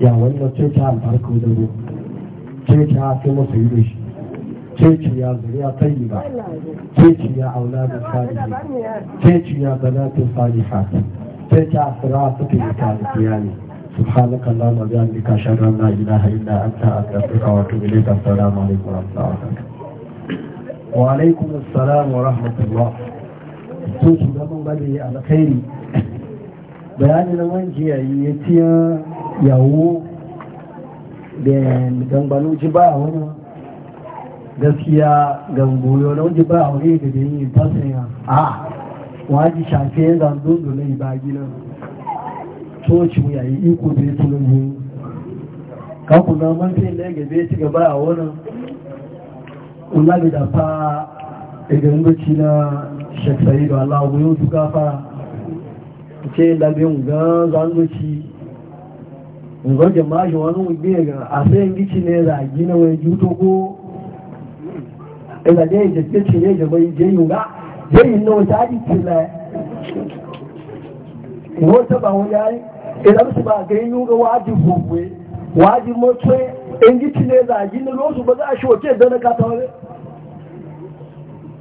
ya wannan cika albarka da ruwa cika fi masu yi da shi ceci ya zuriya tayyiba ceci ya auladin salihi ceci ya banatin salihat ceci asira suke yi kalifiya ne سبحانك اللهم وبحمدك اشهد ان لا اله الا انت استغفرك واتوب اليك السلام عليكم ورحمه الله وبركاته وعليكم السلام ورحمه الله tun shugaban bale a alkhairi bayani na wani jiyayi ya tiya yawo da gambano ji ba wani gaskiya gamboyo na wani ba wani da da yin fasaya a wajen shafe ya zanzo da na ibagi na. coci yayi iko da ya tunan yi kakuna man fi da ya gabe ci gaba a wani ulabi da fa daga ngoci na Sheikh Sa'idu Allah go yau duka fara ce da bin ga zangoci ngo jama'a shi wani wuge ga a sai ngici ne da gina wai juto ko ina dai je ce ne je bai je yunga je yin no ta di tilla ngo ta ba wani ai idan su ba ga yunga wajibi gobe wajibi mo ce ngici ne da gina lo su ba za a shi wace da na ka tawaye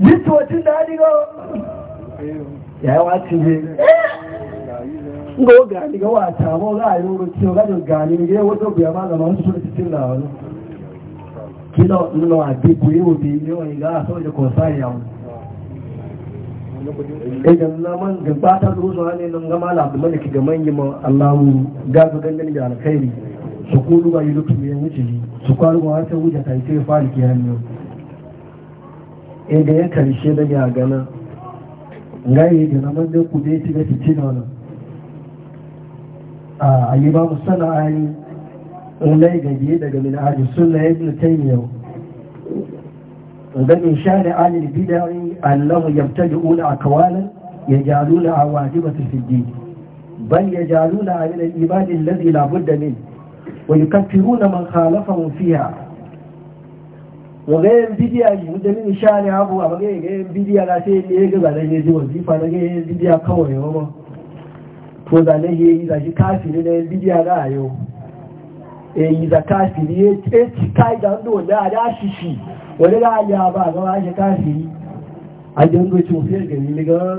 bitocin da adiga ya yi wacin ne ngo gani ga wata mo ga yi ruru ciwo ga jin gani ne ga wato biya ma a bi ku yi obi ne wani ga a sauye kosa ya mu idan na man gaba ta zo zuwa ne nan gama labu mana inda ya karshe da ya gana ngayi da na manzan ku da ya ci gaci ci na a ayi ba mu sana ayi ulai ga biye daga min aji sunna ya ibn taymiyyah dan in sha da alil ba annahu yabtadi'una aqwalan yajaluna awajibatu fi din bal yajaluna min al-ibad alladhi la budda min ويكفرون man خالفهم فيها waga yin bidiya shi da mini sha ne abu a waga yin bidiya na sai ne ga zane ne ji wazifa na ga yin bidiya kawai yau ba to zane ya yi zashi kafiri na kai da wanda wanda a dashi shi wani ga aliya ba a gaba shi kafiri a dinga cofiyar gari ne ga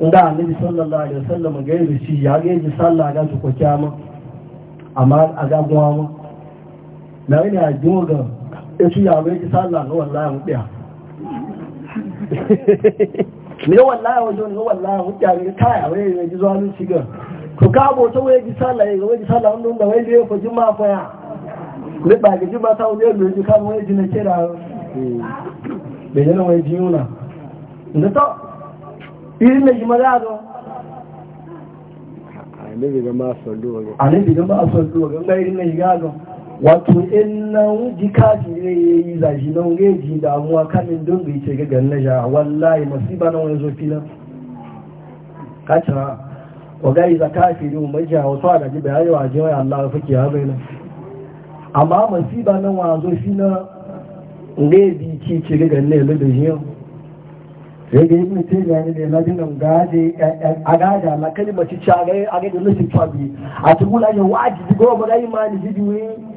inda annabi sallallahu alaihi wasallam ga yi shi ya ga yi sallah ga su kwaciya ma amma a èṣù yàwó méjì sálà ní wọ̀n láàrín pẹ́ mi ní wọ̀n láàrín ọjọ́ ní wọ̀n láàrín pẹ́ àrí káyàwó èrè jízọ́ alú sí gan kò káàbò tó wé jí sálà èrè wé jí sálà ń lọ wé lé wato in na ji kashi ne ya yi zashi na wuri ji damuwa kamin don bai ce gagar na sha wallahi masiba na wani zofi nan kacha waga yi zaka fi ne umar jiha wasu a gaji bai yawa jiwa allah fuki ya bai nan amma masiba nan wani zofi na wuri ji ci ce gagar na yalu da jiyan sai ga ibn taymiya ne da lajin nan gaje a gaja na kalmar ci ci a ga a ga da lishin fabi a tukula ya wajibi goma ma imani jibi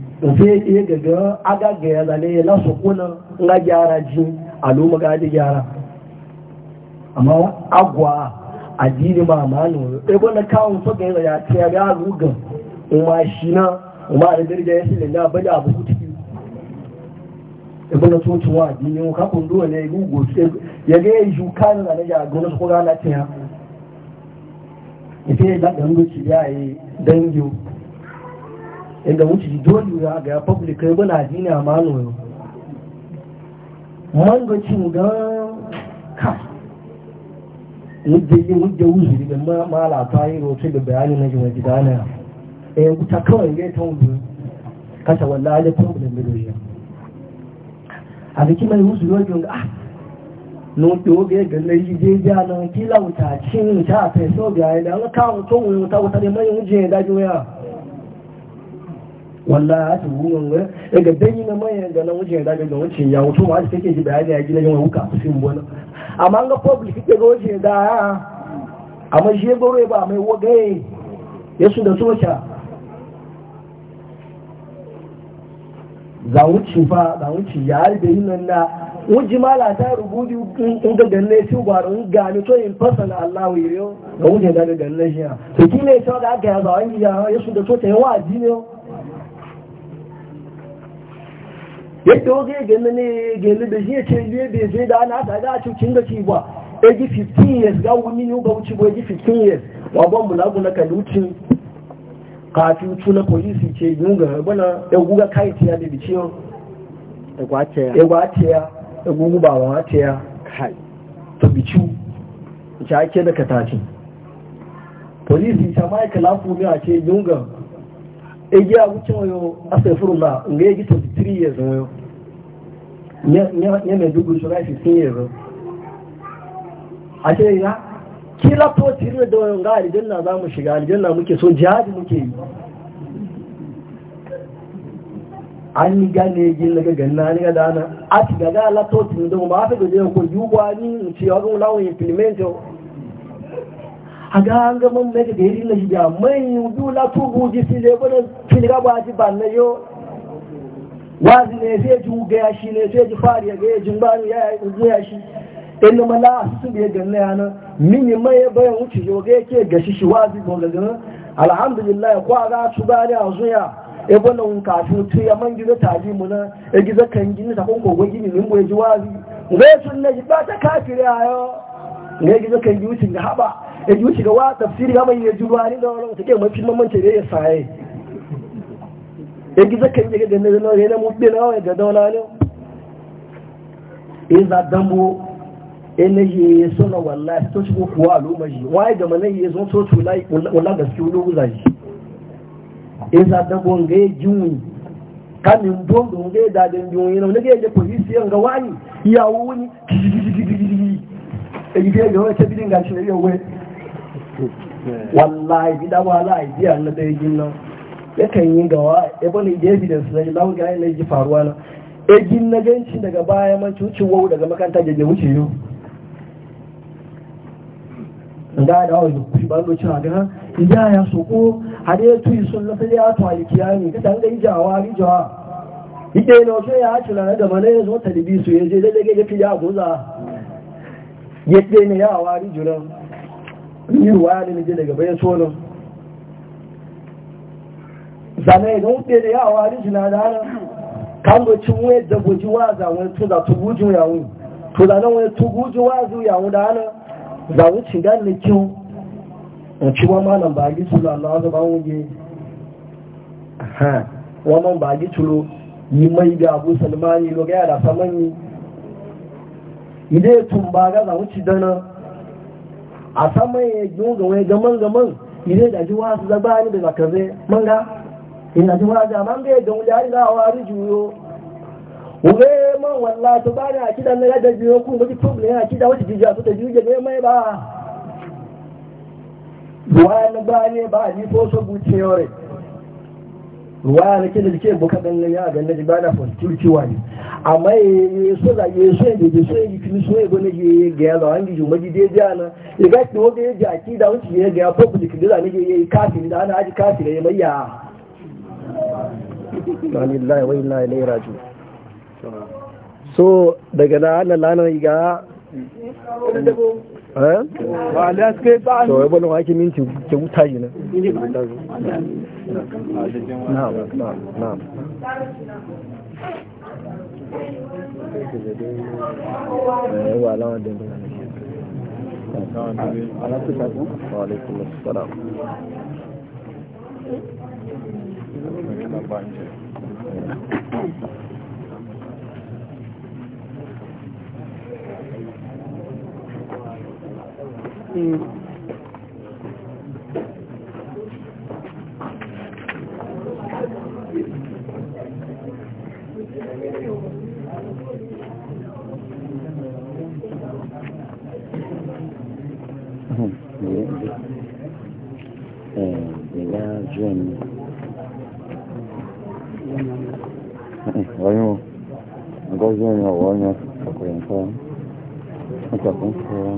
zai iya gaga agaga ya zane ya lasu kuna na gyara ji al'umma ga da gyara amma agwa addini ba ma no e gona kawun so ga ya ta ya ga ruga ma shi na ma da dirje ya sile na bada abu kuti e gona to to wa addini ka kun duwa ne gugu ya ga ya juka na da ya gona ko ga na ta ya ite da dangu ci ya yi dangiyo inda wuce ji dole ya ga public kai bula addini a manu man ga cin ga ka yadda yi wujja wuzuri da mala ta yi rotu da bayani na jima gida ya. eh ta kawai ga ta wuzu kasa wallahi da kuma da miliyoyi a bikin mai wuzuri wajen ah n'oge oge gẹ̀lẹ̀ yíje jẹ́ àna kí láwùtà tí ń ta àtẹ̀sọ́ ọ̀gá ẹ̀dà ń káwọn tó wùn ta wuta lè mọ́ ìhun jẹ́ da yà wallahi hatu wurin wani daga danyi na ga na wuce da ga wuce ya wuto ma take ji bayani ya gina yin bona amma ga public ke ga wuce da amma shi gore ba mai ya yesu da soca za wuce fa za wuce ya harbe yin nan na wuji mala ta rubuti in ga ganne su ba gani to in fasa na Allah da ga ganne shi to kile ta da aka ya ya yesu da ji ne yadda oge gani ne gani da shi ce ne bai zai da ana ta ga cikin da ci ba egi 15 years ga wani ne ga wuce ba egi 15 years wa ban bulagu na kalucin kafin tuna polisi ce yin ga bana ya e guga kai tiya da biciyo ya e gwace ya e gwace ya gugu ba wa ta ya kai to bicu ta ake da kataci polisi ta mai kalafu a ce yin ga egi a wucin wayo astagfirullah nga egi 23 years wayo nye mai dubu su rafi sun yi ro a ce ya kila to tiri da wayo ga aljanna za mu shiga aljanna muke so jihadi muke yi an yi gane gin daga ganna ni ga dana a ti ga ga la to tiri da ma fa da ko yuwa ni ci ya ga lawon implement aga ga mun ne da yi na ya mai yudu na tubu ji si le gudun kiliga ba ji ba na yo wazi ne sai ju ga shi ne sai ji fari ga ya eh, jin bani ya yi ya shi in mala a su be ganna ya yana mini mai ya bayan wuce yau ga yake ga shi shi wazi go ga ko su ba a zuya e un kafin tu ya man taji mu na e kan gini ta mun boye ji wazi ji ba ta kafire ayo haba ya ji shiga wa tafsiri ga mai ya ruwa ni da wani take mafi mamance da ya saye ya ji zakan ya ga na nawa na mubbe na wani ga dauna ne in za in e na yi ya suna wallahi to shi kuwa al'umma shi waye ga mana ya zo to wala da su lu za shi in e za dambo ga ya jinwi kamin bondo ga ya ne ga ya polisi ga wani ya wuni wallahi gida ba la biya na da yin nan ya kan yi gawa ya bani da evidence na lawo ga yana ji faruwa na gin na ganci daga baya man cuci wau daga makaranta da ya wuce yau da da wani kushi ba lo cewa ga Ya ya soko hade ya tuyi sun na sai ya to alkiya ne ka dan gai jawa ri jawa ide no sai ya ci na da mana ya zo talibi ya je da ga ya fiya goza yadda ne ya wari juran yi ruwa ne je daga bayan sonin zanai don ɗe da yawa wani jina da hana kan da cin wayar da guji waza wani to da tugujin yawon to nan wani tugujin wazu yawon da hana za wuce gan da kyau a ci wa malam ba gi tulo Allah zaba wuge ha wa man ba gi tulo yi mai ga Abu Salmani lo ga da samani ide tun ba ga za wuce dana a saman ya yi ga wani gaman gaman idan da ji wasu zaba ni da zakarai manga ina ji wasu a manga yadda wani hari za a wari juyo wuri man walla to ba na kidan na yadda biyo kun gaji problem a kidan wata jijiya su ta juje ne mai ba zuwa na ba ne ba ni so su buce yore ruwa na ke da jike buka dan nan ya ga na jibana for security wani amma so da ye so da so yi fini so ye gona yi ga ya an giju maji dai ja na ya ga ki wanda ya jaki da wuce ya ga public da ne ya yi kafi da ana aji kafi da ya mayya wallahi wa inna ilaihi raji'un so daga da Allah lana ga ba yi ba minti ke wuta yi nan na Thank you. Oyún ọgọ́jọ́ ni ọ̀wọ́ yẹn ọkọ̀ yẹn fọ́ ọkọ̀ fún fún.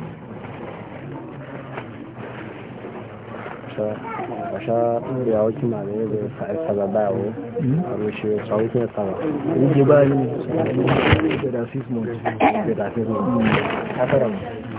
kasha ɗaure a wakil mana yadda ya sa'ar kaza ba yawo a roshe ya sa ba ne da da